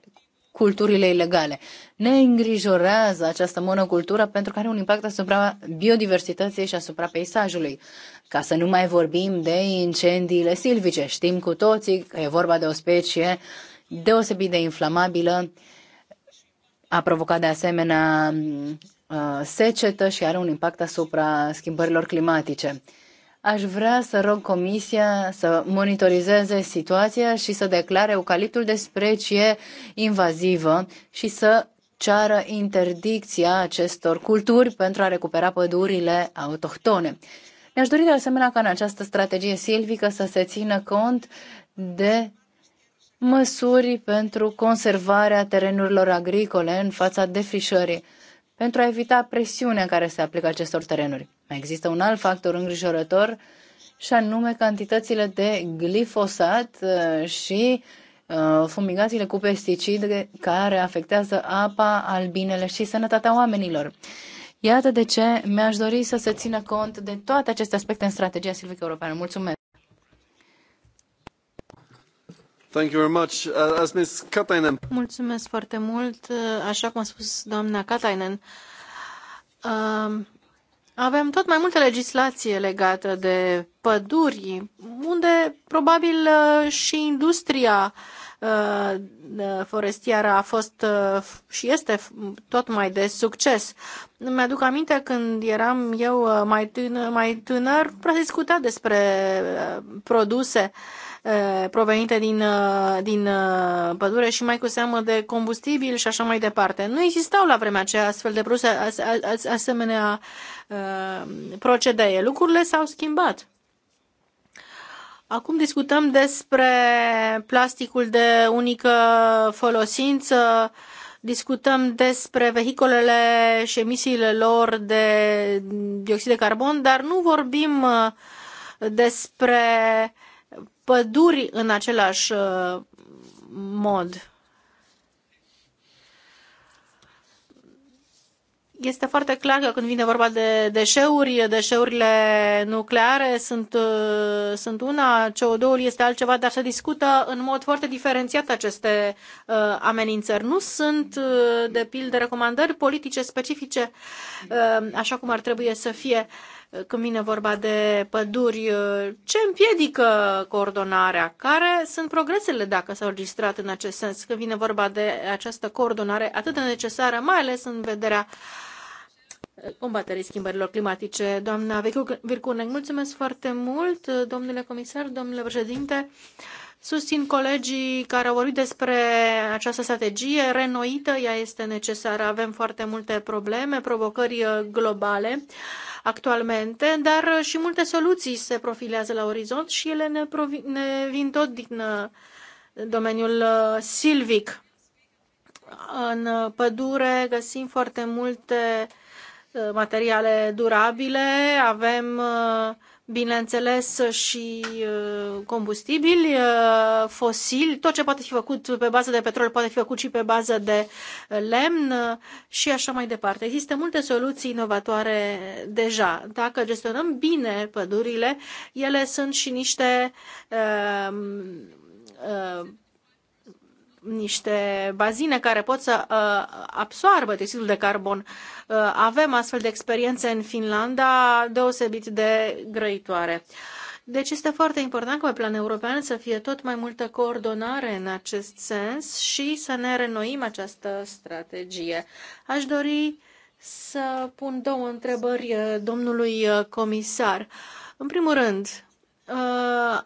culturile ilegale. Ne îngrijorează această monocultură pentru că are un impact asupra biodiversității și asupra peisajului. Ca să nu mai vorbim de incendiile silvice. Știm cu toții că e vorba de o specie deosebit de inflamabilă, a provocat de asemenea uh, secetă și are un impact asupra schimbărilor climatice. Aș vrea să rog Comisia să monitorizeze situația și să declare eucaliptul de specie invazivă și să ceară interdicția acestor culturi pentru a recupera pădurile autohtone. Mi-aș dori de asemenea ca în această strategie silvică să se țină cont de măsuri pentru conservarea terenurilor agricole în fața defrișării, pentru a evita presiunea care se aplică acestor terenuri. Mai există un alt factor îngrijorător și anume cantitățile de glifosat uh, și uh, fumigațiile cu pesticide care afectează apa, albinele și sănătatea oamenilor. Iată de ce mi-aș dori să se țină cont de toate aceste aspecte în strategia silvică europeană. Mulțumesc! Thank you very much. Uh, as Ms. Katainen. Mulțumesc foarte mult. Uh, așa cum a spus doamna Katainen, uh, avem tot mai multă legislație legată de păduri, unde probabil și industria uh, Uh, uh, forestieră a fost uh, și este tot mai de succes. Mi-aduc aminte când eram eu mai tânăr, mai tânăr prea discuta despre produse provenite din, din pădure și mai cu seamă de combustibil și așa mai departe. Nu existau la vremea aceea astfel de produse, asemenea procedee. Lucrurile s-au schimbat. Acum discutăm despre plasticul de unică folosință, discutăm despre vehiculele și emisiile lor de dioxid de carbon, dar nu vorbim uh, despre păduri în același uh, mod. Este foarte clar că când vine vorba de deșeuri, deșeurile nucleare sunt, uh, sunt una, CO2-ul este altceva, dar se discută în mod foarte diferențiat aceste uh, amenințări. Nu sunt, uh, de pildă, recomandări politice specifice, uh, așa cum ar trebui să fie. Uh, când vine vorba de păduri, uh, ce împiedică coordonarea? Care sunt progresele dacă s-au registrat în acest sens când vine vorba de această coordonare atât de necesară, mai ales în vederea uh, combaterii schimbărilor climatice? Doamna Vircunec, mulțumesc foarte mult, domnule comisar, domnule președinte. Susțin colegii care au vorbit despre această strategie renoită, ea este necesară, avem foarte multe probleme, provocări uh, globale actualmente, dar uh, și multe soluții se profilează la orizont și ele ne, ne vin tot din uh, domeniul silvic. În pădure găsim foarte multe materiale durabile, avem uh, bineînțeles, și uh, combustibili uh, fosili. Tot ce poate fi făcut pe bază de petrol poate fi făcut și pe bază de uh, lemn și așa mai departe. Există multe soluții inovatoare deja. Dacă gestionăm bine pădurile, ele sunt și niște uh, uh, niște bazine care pot să uh, absoarbă dioxidul de carbon. Uh, avem astfel de experiențe în Finlanda deosebit de grăitoare. Deci este foarte important ca pe plan european să fie tot mai multă coordonare în acest sens și să ne renoim această strategie. Aș dori să pun două întrebări uh, domnului comisar. În primul rând,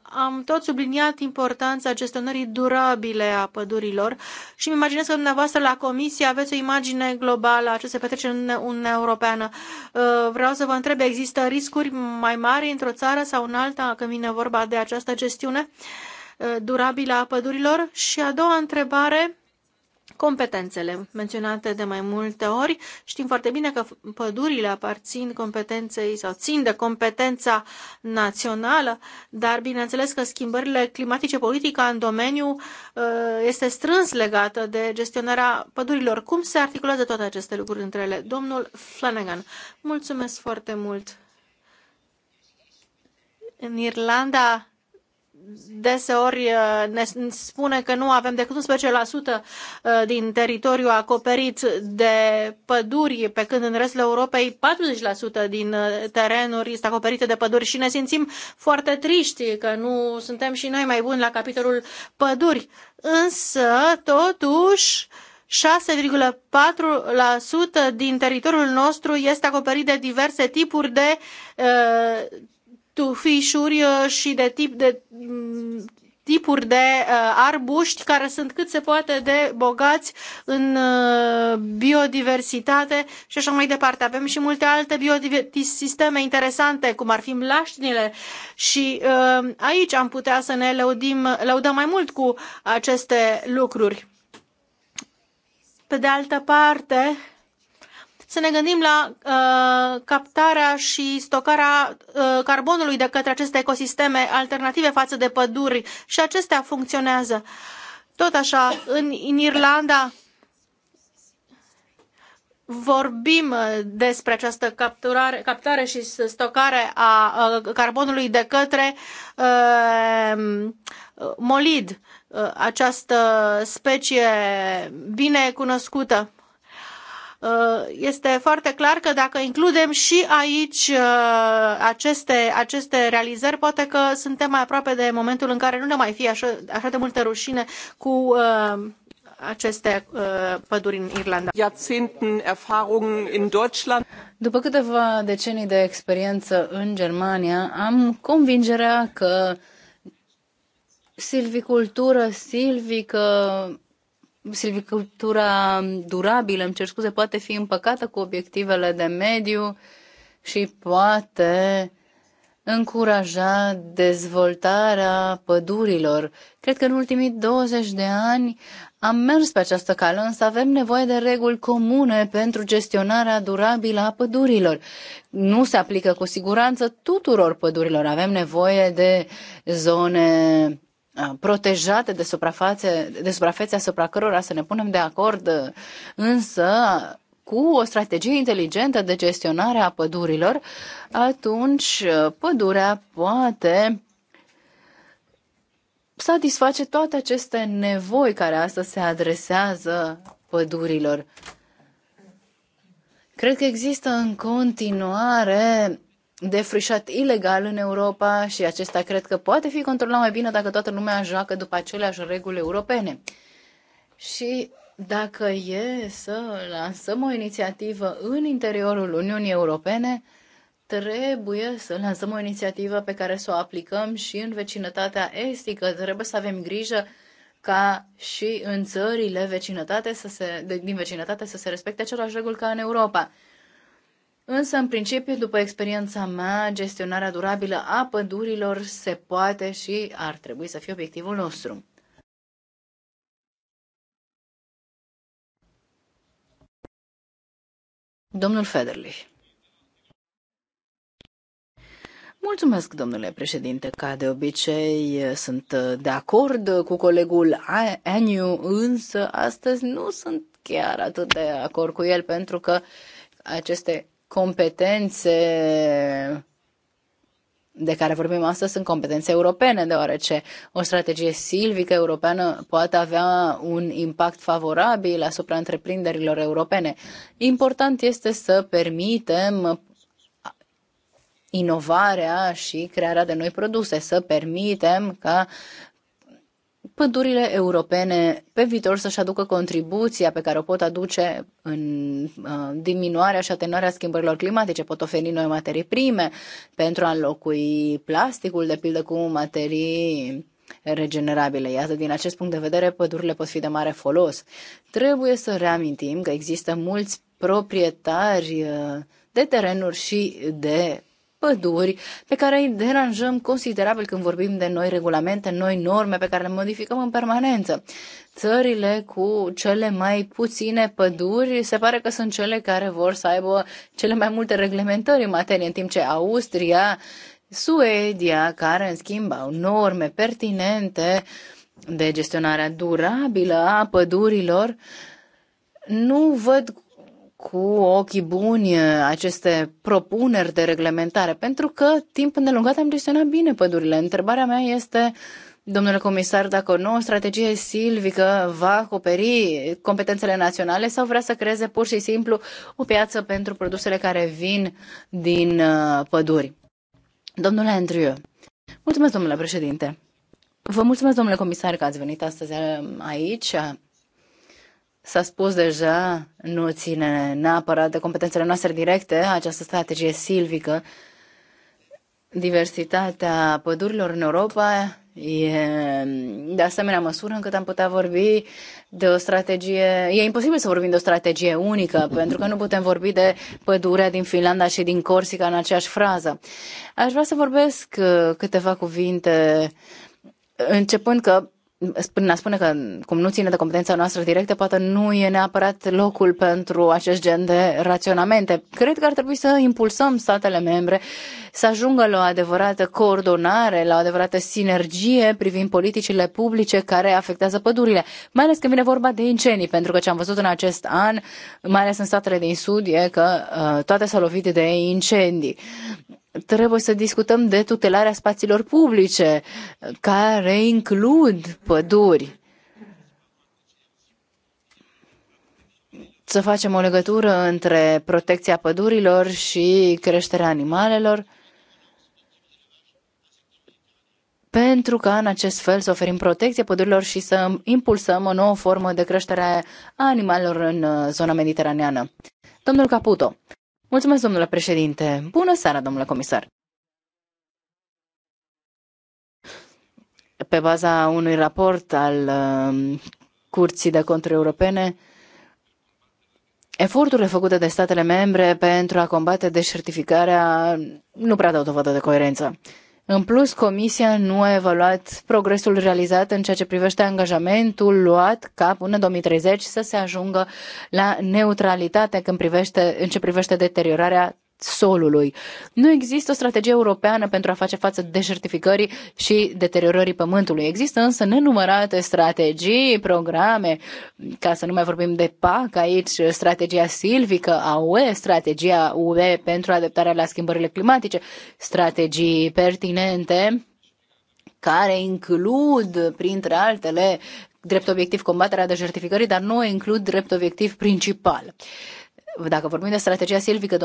am tot subliniat importanța gestionării durabile a pădurilor și îmi imaginez că dumneavoastră la comisie aveți o imagine globală a ce se petrece în Uniunea Europeană. Uh, vreau să vă întreb, există riscuri mai mari într-o țară sau în alta când vine vorba de această gestiune uh, durabilă a pădurilor? Și a doua întrebare competențele menționate de mai multe ori. Știm foarte bine că pădurile aparțin competenței sau țin de competența națională, dar bineînțeles că schimbările climatice, politica în domeniu uh, este strâns legată de gestionarea pădurilor. Cum se articulează toate aceste lucruri între ele? Domnul Flanagan, mulțumesc foarte mult! În Irlanda deseori uh, ne spune că nu avem decât 11% uh, din teritoriu acoperit de păduri, pe când în restul Europei 40% din uh, terenuri este acoperite de păduri și ne simțim foarte triști că nu suntem și noi mai buni la capitolul păduri. Însă, totuși, 6,4% din teritoriul nostru este acoperit de diverse tipuri de uh, tufișuri uh, și de tip de mm, tipuri de uh, arbuști care sunt cât se poate de bogați în uh, biodiversitate și așa mai departe. Avem și multe alte sisteme interesante, cum ar fi mlaștinile și uh, aici am putea să ne lăudim, lăudăm mai mult cu aceste lucruri. Pe de altă parte, să ne gândim la uh, captarea și stocarea uh, carbonului de către aceste ecosisteme alternative față de păduri și acestea funcționează. Tot așa, în, în Irlanda vorbim despre această capturare, captare și stocare a uh, carbonului de către uh, molid, uh, această specie bine cunoscută. Uh, este foarte clar că dacă includem și aici uh, aceste, aceste realizări, poate că suntem mai aproape de momentul în care nu ne mai fie așa, așa de multă rușine cu uh, aceste păduri în Irlanda. După câteva decenii de experiență în Germania, am convingerea că silvicultură silvică silvicultura durabilă, îmi cer scuze, poate fi împăcată cu obiectivele de mediu și poate încuraja dezvoltarea pădurilor. Cred că în ultimii 20 de ani am mers pe această cală, însă avem nevoie de reguli comune pentru gestionarea durabilă a pădurilor. Nu se aplică cu siguranță tuturor pădurilor. Avem nevoie de zone protejate de, suprafațe, de suprafețe asupra cărora să ne punem de acord, însă cu o strategie inteligentă de gestionare a pădurilor, atunci pădurea poate satisface toate aceste nevoi care astăzi se adresează pădurilor. Cred că există în continuare defrișat ilegal în Europa și acesta cred că poate fi controlat mai bine dacă toată lumea joacă după aceleași reguli europene. Și dacă e să lansăm o inițiativă în interiorul Uniunii Europene, trebuie să lansăm o inițiativă pe care să o aplicăm și în vecinătatea estică. Trebuie să avem grijă ca și în țările vecinătate să se, din vecinătate să se respecte același reguli ca în Europa. Însă, în principiu, după experiența mea, gestionarea durabilă a pădurilor se poate și ar trebui să fie obiectivul nostru. Domnul Federley. Mulțumesc, domnule președinte. Ca de obicei, sunt de acord cu colegul Aniu, însă astăzi nu sunt chiar atât de acord cu el, pentru că aceste competențe de care vorbim astăzi sunt competențe europene, deoarece o strategie silvică europeană poate avea un impact favorabil asupra întreprinderilor europene. Important este să permitem inovarea și crearea de noi produse, să permitem ca pădurile europene pe viitor să-și aducă contribuția pe care o pot aduce în uh, diminuarea și atenuarea schimbărilor climatice, pot oferi noi materii prime pentru a înlocui plasticul, de pildă cu materii regenerabile. Iată, din acest punct de vedere, pădurile pot fi de mare folos. Trebuie să reamintim că există mulți proprietari uh, de terenuri și de păduri pe care îi deranjăm considerabil când vorbim de noi regulamente, noi norme pe care le modificăm în permanență. Țările cu cele mai puține păduri se pare că sunt cele care vor să aibă cele mai multe reglementări în materie, în timp ce Austria, Suedia, care în schimb au norme pertinente de gestionarea durabilă a pădurilor, nu văd cu ochii buni uh, aceste propuneri de reglementare, pentru că timp îndelungat am gestionat bine pădurile. Întrebarea mea este, domnule comisar, dacă o nouă strategie silvică va acoperi competențele naționale sau vrea să creeze pur și simplu o piață pentru produsele care vin din uh, păduri. Domnule Andrew, mulțumesc, domnule președinte. Vă mulțumesc, domnule comisar, că ați venit astăzi uh, aici. S-a spus deja, nu ține neapărat de competențele noastre directe, această strategie silvică. Diversitatea pădurilor în Europa e de asemenea măsură încât am putea vorbi de o strategie... E imposibil să vorbim de o strategie unică, pentru că nu putem vorbi de pădurea din Finlanda și din Corsica în aceeași frază. Aș vrea să vorbesc uh, câteva cuvinte, începând că prin a spune că cum nu ține de competența noastră directă, poate nu e neapărat locul pentru acest gen de raționamente. Cred că ar trebui să impulsăm statele membre să ajungă la o adevărată coordonare, la o adevărată sinergie privind politicile publice care afectează pădurile, mai ales când vine vorba de incendii, pentru că ce am văzut în acest an, mai ales în statele din sud, e că uh, toate s-au lovit de incendii trebuie să discutăm de tutelarea spațiilor publice, care includ păduri. Să facem o legătură între protecția pădurilor și creșterea animalelor, pentru ca în acest fel să oferim protecție pădurilor și să impulsăm o nouă formă de creștere a animalelor în uh, zona mediteraneană. Domnul Caputo, Mulțumesc, domnule președinte. Bună seara, domnule comisar. Pe baza unui raport al um, Curții de Conturi Europene, eforturile făcute de statele membre pentru a combate deșertificarea nu prea dau dovadă de coerență. În plus, Comisia nu a evaluat progresul realizat în ceea ce privește angajamentul luat ca până 2030 să se ajungă la neutralitate când privește, în ce privește deteriorarea solului. Nu există o strategie europeană pentru a face față deșertificării și deteriorării pământului. Există însă nenumărate strategii, programe, ca să nu mai vorbim de PAC aici, strategia silvică a UE, strategia UE pentru adaptarea la schimbările climatice, strategii pertinente care includ, printre altele, drept obiectiv combaterea deșertificării, dar nu includ drept obiectiv principal. Uh, dacă vorbim de strategia silvică 2015-2020,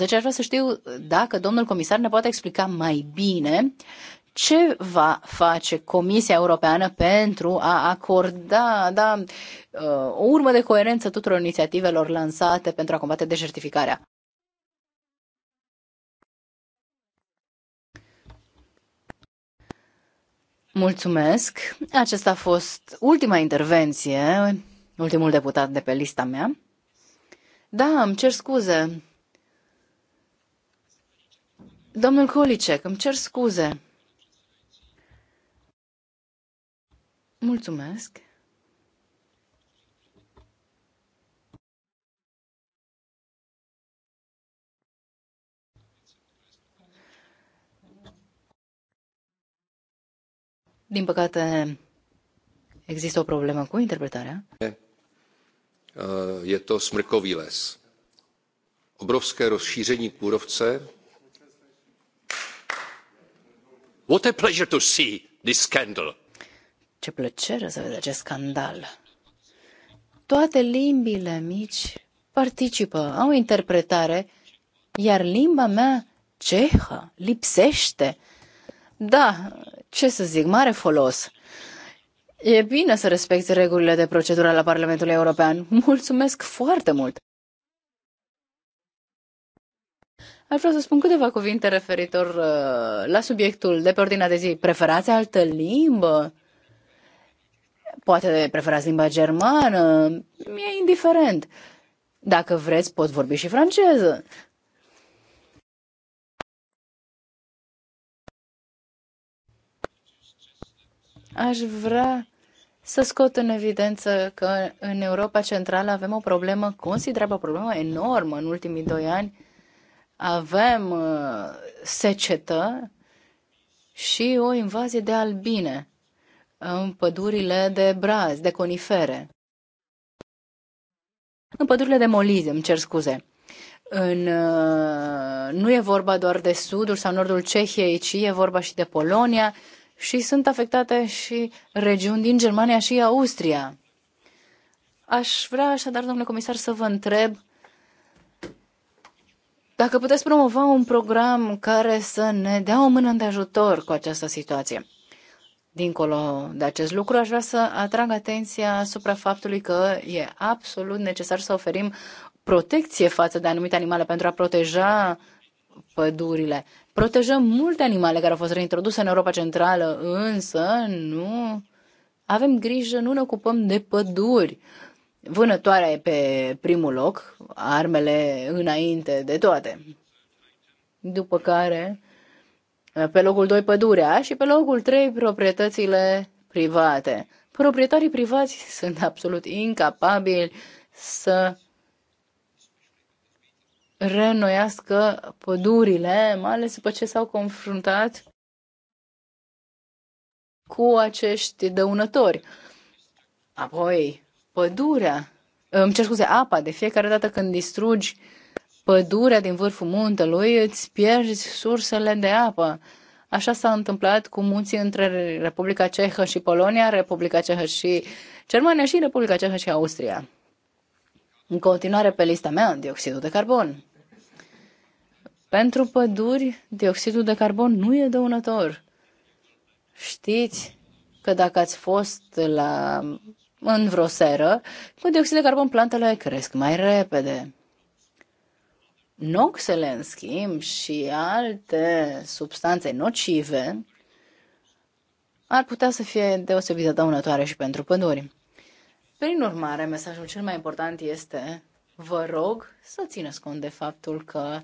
aș vrea să știu dacă domnul comisar ne poate explica mai bine ce va face Comisia Europeană pentru a acorda da, uh, o urmă de coerență tuturor inițiativelor lansate pentru a combate deșertificarea. Mulțumesc. Aceasta a fost ultima intervenție, ultimul deputat de pe lista mea. Da, îmi cer scuze. Domnul Kolicek, îmi cer scuze. Mulțumesc. Din păcate, există o problemă cu interpretarea. E. Eh, je to smrkový les. Obrovské rozšíření kůrovce. What a pleasure to see this scandal. Ce plăcere să vezi acest scandal. Toate limbile mici participă, au interpretare, iar limba mea cehă lipsește. Da, ce să zic, mare folos. E bine să respecti regulile de procedură la Parlamentul European. Mulțumesc foarte mult! Aș vrea să spun câteva cuvinte referitor uh, la subiectul de pe ordinea de zi. Preferați altă limbă? Poate preferați limba germană? Mi-e indiferent. Dacă vreți, pot vorbi și franceză. Aș vrea să scot în evidență că în Europa Centrală avem o problemă considerabilă, o problemă enormă în ultimii doi ani. Avem uh, secetă și o invazie de albine în pădurile de braz, de conifere. În pădurile de molize, îmi cer scuze. În, uh, nu e vorba doar de sudul sau nordul Cehiei, ci e vorba și de Polonia, și sunt afectate și regiuni din Germania și Austria. Aș vrea așadar, domnule comisar, să vă întreb dacă puteți promova un program care să ne dea o mână de ajutor cu această situație. Dincolo de acest lucru, aș vrea să atrag atenția asupra faptului că e absolut necesar să oferim protecție față de anumite animale pentru a proteja pădurile. Protejăm multe animale care au fost reintroduse în Europa Centrală, însă nu avem grijă, nu ne ocupăm de păduri. Vânătoarea e pe primul loc, armele înainte de toate. După care, pe locul 2 pădurea și pe locul 3 proprietățile private. Proprietarii privați sunt absolut incapabili să reînnoiască pădurile, mai ales după ce s-au confruntat cu acești dăunători. Apoi, pădurea, îmi cer scuze, apa, de fiecare dată când distrugi pădurea din vârful muntelui, îți pierzi sursele de apă. Așa s-a întâmplat cu munții între Republica Cehă și Polonia, Republica Cehă și Germania și Republica Cehă și Austria. În continuare pe lista mea, dioxidul de carbon. Pentru păduri, dioxidul de carbon nu e dăunător. Știți că dacă ați fost la, în vreo seră, cu dioxid de carbon plantele cresc mai repede. Noxele, în schimb, și alte substanțe nocive ar putea să fie deosebit de dăunătoare și pentru păduri. Prin urmare, mesajul cel mai important este vă rog să țineți cont de faptul că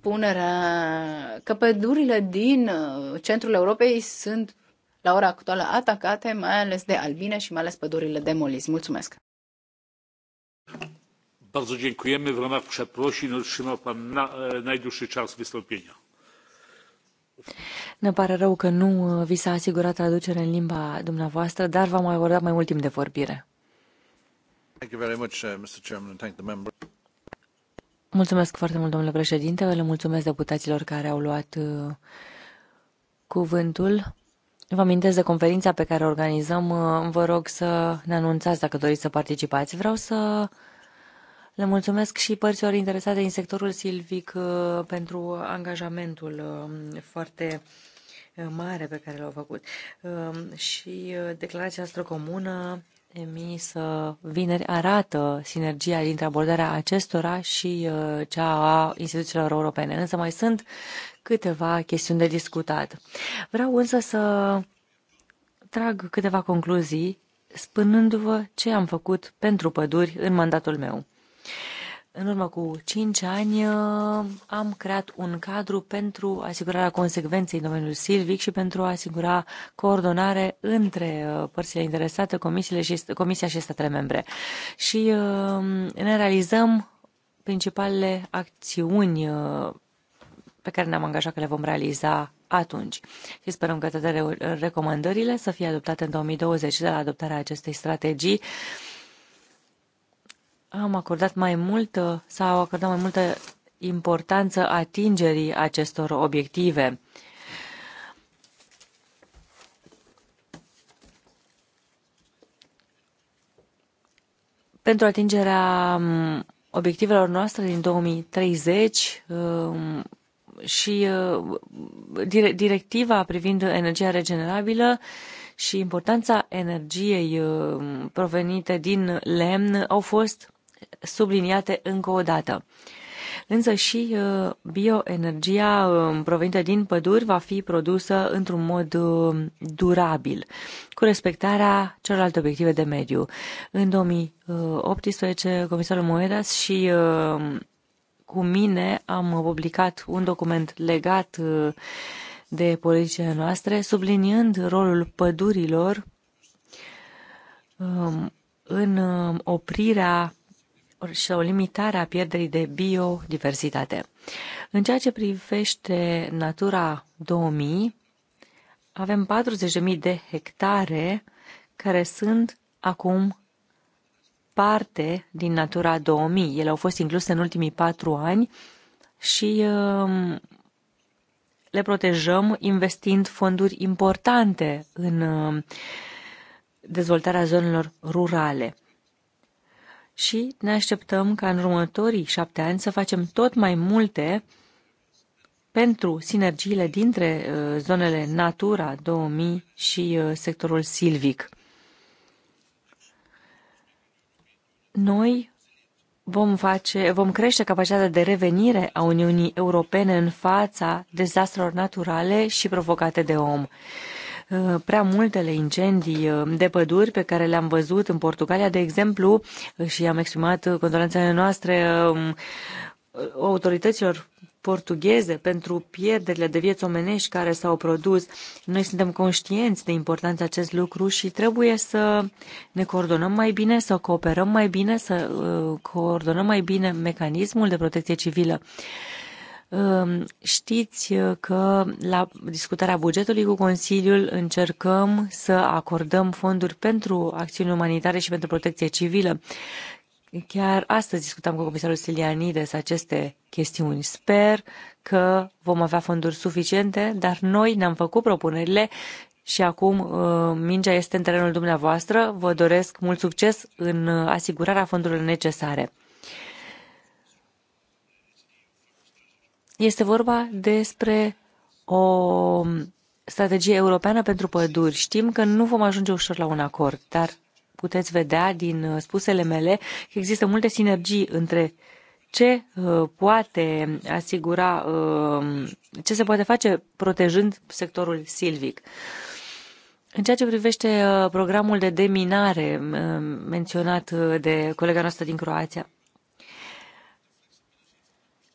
punerea, că pădurile din uh, centrul Europei sunt la ora actuală atacate, mai ales de albine și mai ales pădurile de molis. Mulțumesc! Bardzo dziękujemy. W ramach przeprosin otrzymał Pan na, najdłuższy czas wystąpienia. Ne pare rău că nu vi s-a asigurat traducere în limba dumneavoastră, dar v-am mai acordat mai mult timp de vorbire. Thank you very much, uh, Mr. Chairman, and thank the member. Mulțumesc foarte mult, domnule președinte. vă mulțumesc deputaților care au luat uh, cuvântul. Vă amintesc de conferința pe care o organizăm. Uh, vă rog să ne anunțați dacă doriți să participați. Vreau să le mulțumesc și părților interesate din sectorul silvic uh, pentru angajamentul foarte mare pe care l-au făcut. Și declarația noastră comună emisă vineri arată sinergia dintre abordarea acestora și uh, cea a instituțiilor europene, însă mai sunt câteva chestiuni de discutat. Vreau însă să trag câteva concluzii spunându-vă ce am făcut pentru păduri în mandatul meu. În urmă cu 5 ani uh, am creat un cadru pentru asigurarea consecvenței în domeniul silvic și pentru a asigura coordonare între uh, părțile interesate, comisiile și, Comisia și statele membre. Și uh, ne realizăm principalele acțiuni pe care ne-am angajat că le vom realiza atunci. Și sperăm că toate recomandările să fie adoptate în 2020 de la adoptarea acestei strategii am acordat mai multă sau acordat mai multă importanță atingerii acestor obiective. Pentru atingerea um, obiectivelor noastre din 2030 um, și uh, directiva privind energia regenerabilă și importanța energiei um, provenite din lemn au fost subliniate încă o dată. Însă și uh, bioenergia uh, provenită din păduri va fi produsă într-un mod uh, durabil, cu respectarea celorlalte obiective de mediu. În 2018, comisarul Moedas și cu mine am publicat un document legat de politicile noastre, subliniind rolul pădurilor um, în oprirea și o limitare a pierderii de biodiversitate. În ceea ce privește Natura 2000, avem 40.000 de hectare care sunt acum parte din Natura 2000. Ele au fost incluse în ultimii patru ani și um, le protejăm investind fonduri importante în um, dezvoltarea zonelor rurale și ne așteptăm ca în următorii șapte ani să facem tot mai multe pentru sinergiile dintre uh, zonele Natura 2000 și uh, sectorul silvic. Noi vom, face, vom crește capacitatea de revenire a Uniunii Europene în fața dezastrelor naturale și provocate de om. Uh, prea multele incendii uh, de păduri pe care le-am văzut în Portugalia, de exemplu, uh, și am exprimat condolențele noastre um, autorităților portugheze pentru pierderile de vieți omenești care s-au produs. Noi suntem conștienți de importanța acest lucru și trebuie să ne coordonăm mai bine, să cooperăm mai bine, să coordonăm mai bine mecanismul de protecție civilă. Știți uh, că la discutarea bugetului cu Consiliul încercăm să acordăm fonduri pentru acțiuni umanitare și pentru protecție civilă. Chiar astăzi discutam cu comisarul Silianides aceste chestiuni. Sper că vom avea fonduri suficiente, dar noi ne-am făcut propunerile și acum uh, mingea este în terenul dumneavoastră. Vă doresc mult succes în uh, asigurarea fondurilor necesare. Este vorba despre o strategie europeană pentru păduri. Știm că nu vom ajunge ușor la un acord, dar puteți vedea din uh, spusele mele că există multe sinergii între ce uh, poate asigura, uh, ce se poate face protejând sectorul silvic. În ceea ce privește programul de deminare menționat de colega noastră din Croația,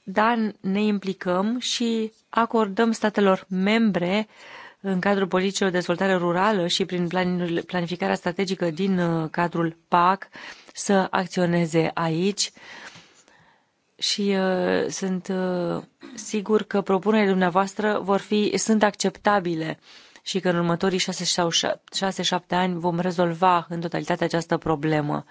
dar ne implicăm și acordăm statelor membre în cadrul politicilor de dezvoltare rurală și prin planificarea strategică din uh, cadrul PAC să acționeze aici și uh, sunt uh, sigur că propunerile dumneavoastră vor fi, sunt acceptabile și că în următorii 6-7 ani vom rezolva în totalitate această problemă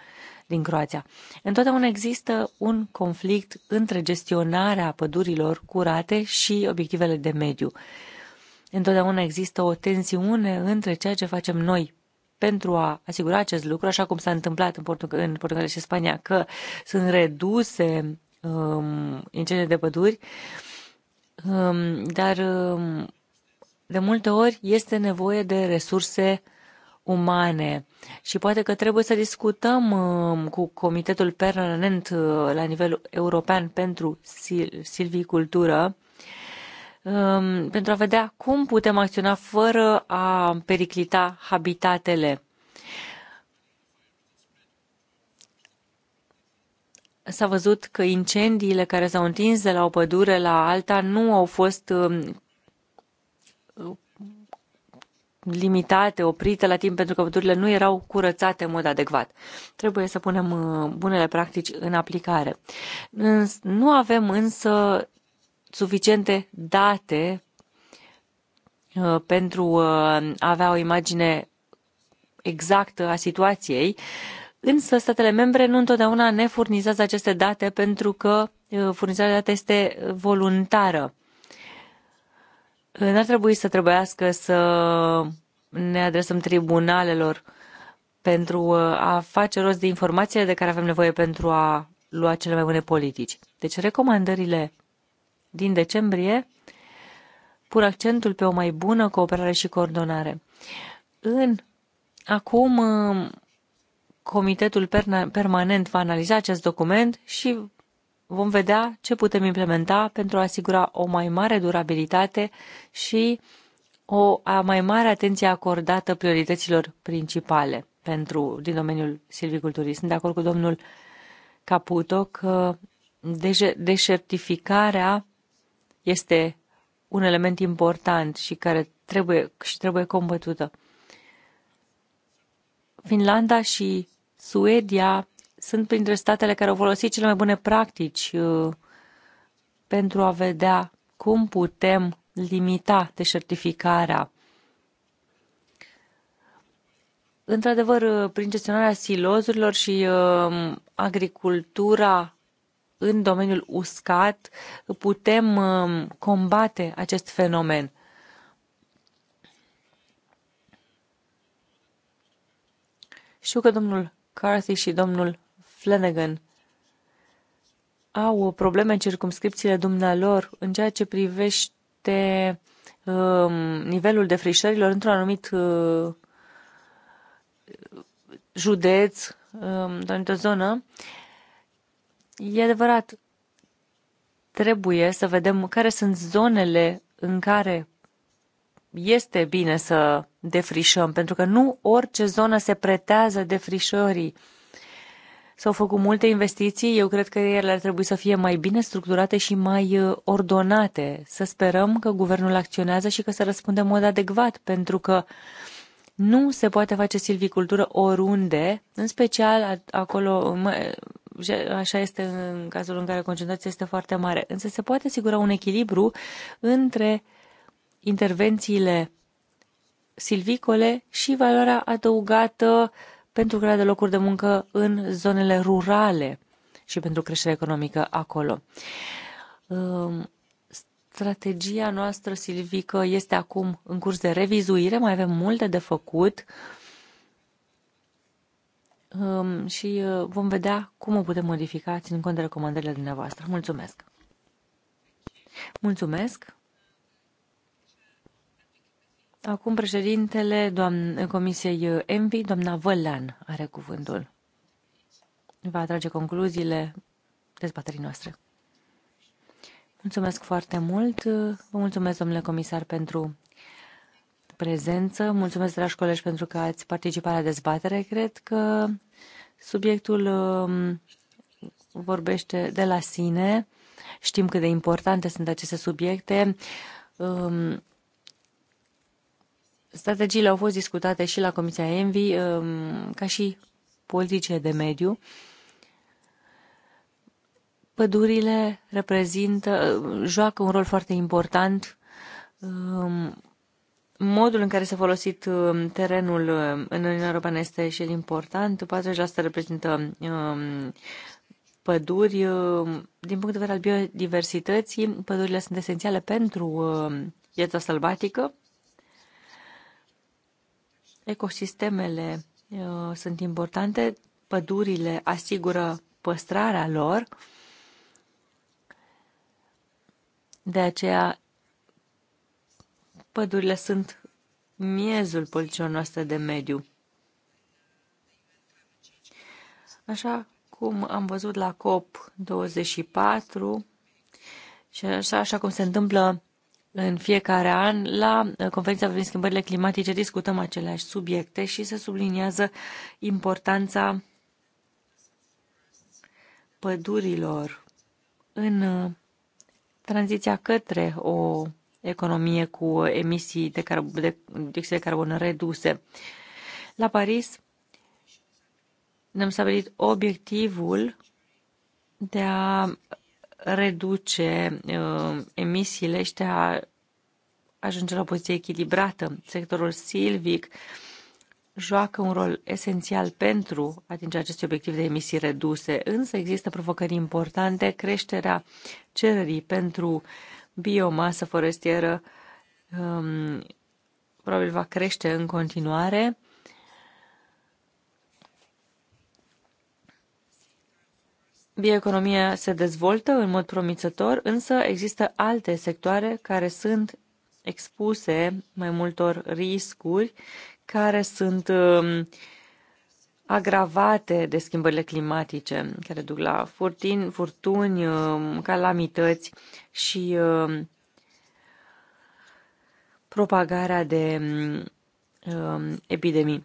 din Croația. Întotdeauna există un conflict între gestionarea pădurilor curate și obiectivele de mediu. Întotdeauna există o tensiune între ceea ce facem noi pentru a asigura acest lucru, așa cum s-a întâmplat în, Portug- în Portugalia și Spania, că sunt reduse um, incendii de păduri, um, dar um, de multe ori este nevoie de resurse umane și poate că trebuie să discutăm uh, cu Comitetul Permanent uh, la nivel european pentru silvicultură um, pentru a vedea cum putem acționa fără a periclita habitatele. S-a văzut că incendiile care s-au întins de la o pădure la alta nu au fost um, limitate, oprite la timp pentru că pădurile nu erau curățate în mod adecvat. Trebuie să punem uh, bunele practici în aplicare. Nu avem însă suficiente date uh, pentru uh, a avea o imagine exactă a situației, însă statele membre nu întotdeauna ne furnizează aceste date pentru că furnizarea de date este voluntară. N-ar trebui să trebuiască să ne adresăm tribunalelor pentru uh, a face rost de informațiile de care avem nevoie pentru a lua cele mai bune politici. Deci recomandările din decembrie pun accentul pe o mai bună cooperare și coordonare. În acum uh, Comitetul Permanent va analiza acest document și vom vedea ce putem implementa pentru a asigura o mai mare durabilitate și o a mai mare atenție acordată priorităților principale pentru, din domeniul silviculturii. Sunt de acord cu domnul Caputo că deșertificarea este un element important și care trebuie, și trebuie combătută. Finlanda și Suedia sunt printre statele care au folosit cele mai bune practici uh, pentru a vedea cum putem limita deșertificarea. Într-adevăr, uh, prin gestionarea silozurilor și uh, agricultura în domeniul uscat, putem combate acest fenomen. Știu că domnul Carthy și domnul Flanagan au probleme în circumscripțiile dumnealor în ceea ce privește um, nivelul defrișărilor într-un anumit uh, județ, um, într-o zonă. E adevărat, trebuie să vedem care sunt zonele în care este bine să defrișăm, pentru că nu orice zonă se pretează defrișării. S-au făcut multe investiții, eu cred că ele ar trebui să fie mai bine structurate și mai uh, ordonate. Să sperăm că guvernul acționează și că se răspunde în mod adecvat, pentru că nu se poate face silvicultură oriunde, în special acolo, așa este în cazul în care concentrația este foarte mare, însă se poate asigura un echilibru între intervențiile silvicole și valoarea adăugată uh, pentru crearea de locuri de muncă în zonele rurale și pentru creșterea economică acolo. Um, strategia noastră silvică este acum în curs de revizuire, mai avem multe de făcut um, și uh, vom vedea cum o putem modifica ținând cont de recomandările dumneavoastră. Mulțumesc! Mulțumesc! Acum președintele doamn, Comisiei Envi, doamna Vălan, are cuvântul. Va atrage concluziile dezbaterii noastre. Mulțumesc foarte mult. Vă mulțumesc, domnule comisar, pentru prezență. Mulțumesc, dragi colegi, pentru că ați participat la dezbatere. Cred că subiectul um, vorbește de la sine. Știm cât de importante sunt aceste subiecte. Um, Strategiile au fost discutate și la Comisia Envi, um, ca și politice de mediu. Pădurile reprezintă, joacă un rol foarte important. Um, modul în care s-a folosit um, terenul în Uniunea Europeană este și el important. 40% reprezintă păduri. Din punct de vedere al biodiversității, pădurile sunt esențiale pentru viața sălbatică Ecosistemele uh, sunt importante, pădurile asigură păstrarea lor, de aceea pădurile sunt miezul politicilor noastre de mediu. Așa cum am văzut la COP24 și așa, așa cum se întâmplă în fiecare an, la uh, conferința privind schimbările climatice discutăm aceleași subiecte și se subliniază importanța pădurilor în uh, tranziția către o economie cu emisii de, car- de dioxid de carbon reduse. La Paris ne-am stabilit obiectivul de a reduce uh, emisiile și de a ajunge la o poziție echilibrată. Sectorul silvic joacă un rol esențial pentru atingerea acestui obiectiv de emisii reduse, însă există provocări importante, creșterea cererii pentru biomasă forestieră um, probabil va crește în continuare Bioeconomia se dezvoltă în mod promițător, însă există alte sectoare care sunt expuse mai multor riscuri care sunt um, agravate de schimbările climatice, care duc la furtini, furtuni, um, calamități și um, propagarea de epidemii.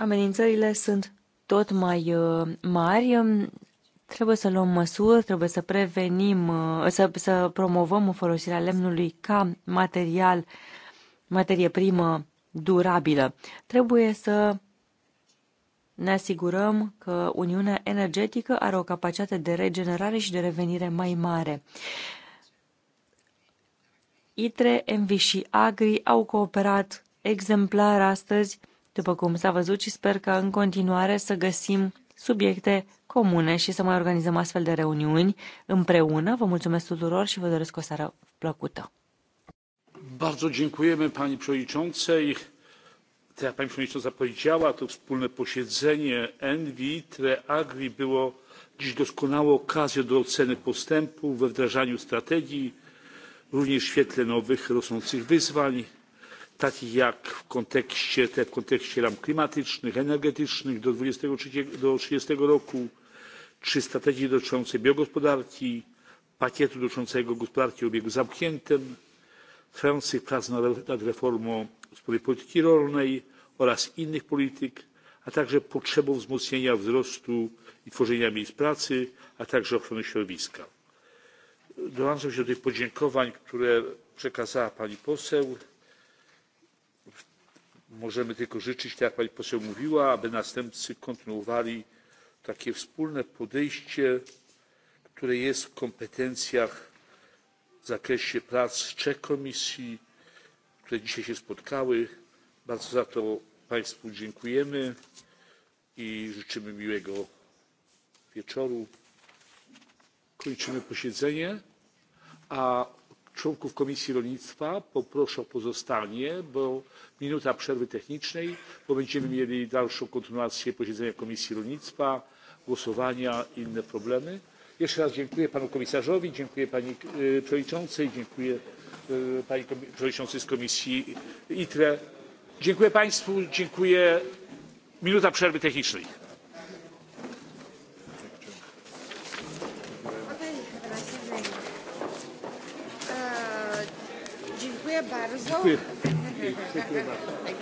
Amenințările sunt tot mai uh, mari. Um, trebuie să luăm măsuri, trebuie să prevenim, uh, să, să promovăm folosirea lemnului ca material, materie primă durabilă. Trebuie să ne asigurăm că Uniunea Energetică are o capacitate de regenerare și de revenire mai mare. ITRE, ENVI și AGRI au cooperat exemplar astăzi după cum s-a văzut și sper că în continuare să găsim subiecte comune și să mai organizăm astfel de reuniuni împreună. Vă mulțumesc tuturor și vă doresc o seară plăcută. Bardzo dziękujemy pani przewodniczącej. Tak jak pani przewodnicząca powiedziała, to wspólne posiedzenie ENVI, TRE AGRI było dziś doskonałą okazją do oceny postępu we wdrażaniu strategii, również w świetle nowych rosnących wyzwań takich jak w kontekście, te w kontekście ram klimatycznych, energetycznych do 2030 do 30 roku, czy strategii dotyczącej biogospodarki, pakietu dotyczącego gospodarki o obiegu zamkniętym, trwających prac nad reformą wspólnej polityki rolnej oraz innych polityk, a także potrzebą wzmocnienia wzrostu i tworzenia miejsc pracy, a także ochrony środowiska. Dołączam się do tych podziękowań, które przekazała pani poseł możemy tylko życzyć tak jak pani poseł mówiła aby następcy kontynuowali takie wspólne podejście które jest w kompetencjach w zakresie prac trzech komisji które dzisiaj się spotkały. bardzo za to państwu dziękujemy i życzymy miłego wieczoru. kończymy posiedzenie a członków komisji rolnictwa poproszę o pozostanie bo minuta przerwy technicznej bo będziemy mieli dalszą kontynuację posiedzenia komisji rolnictwa głosowania i inne problemy. jeszcze raz dziękuję panu komisarzowi dziękuję pani przewodniczącej dziękuję pani przewodniczącej z komisji itre. dziękuję państwu dziękuję. minuta przerwy technicznej. bardzo. Dziękuję. Dziękuję bardzo.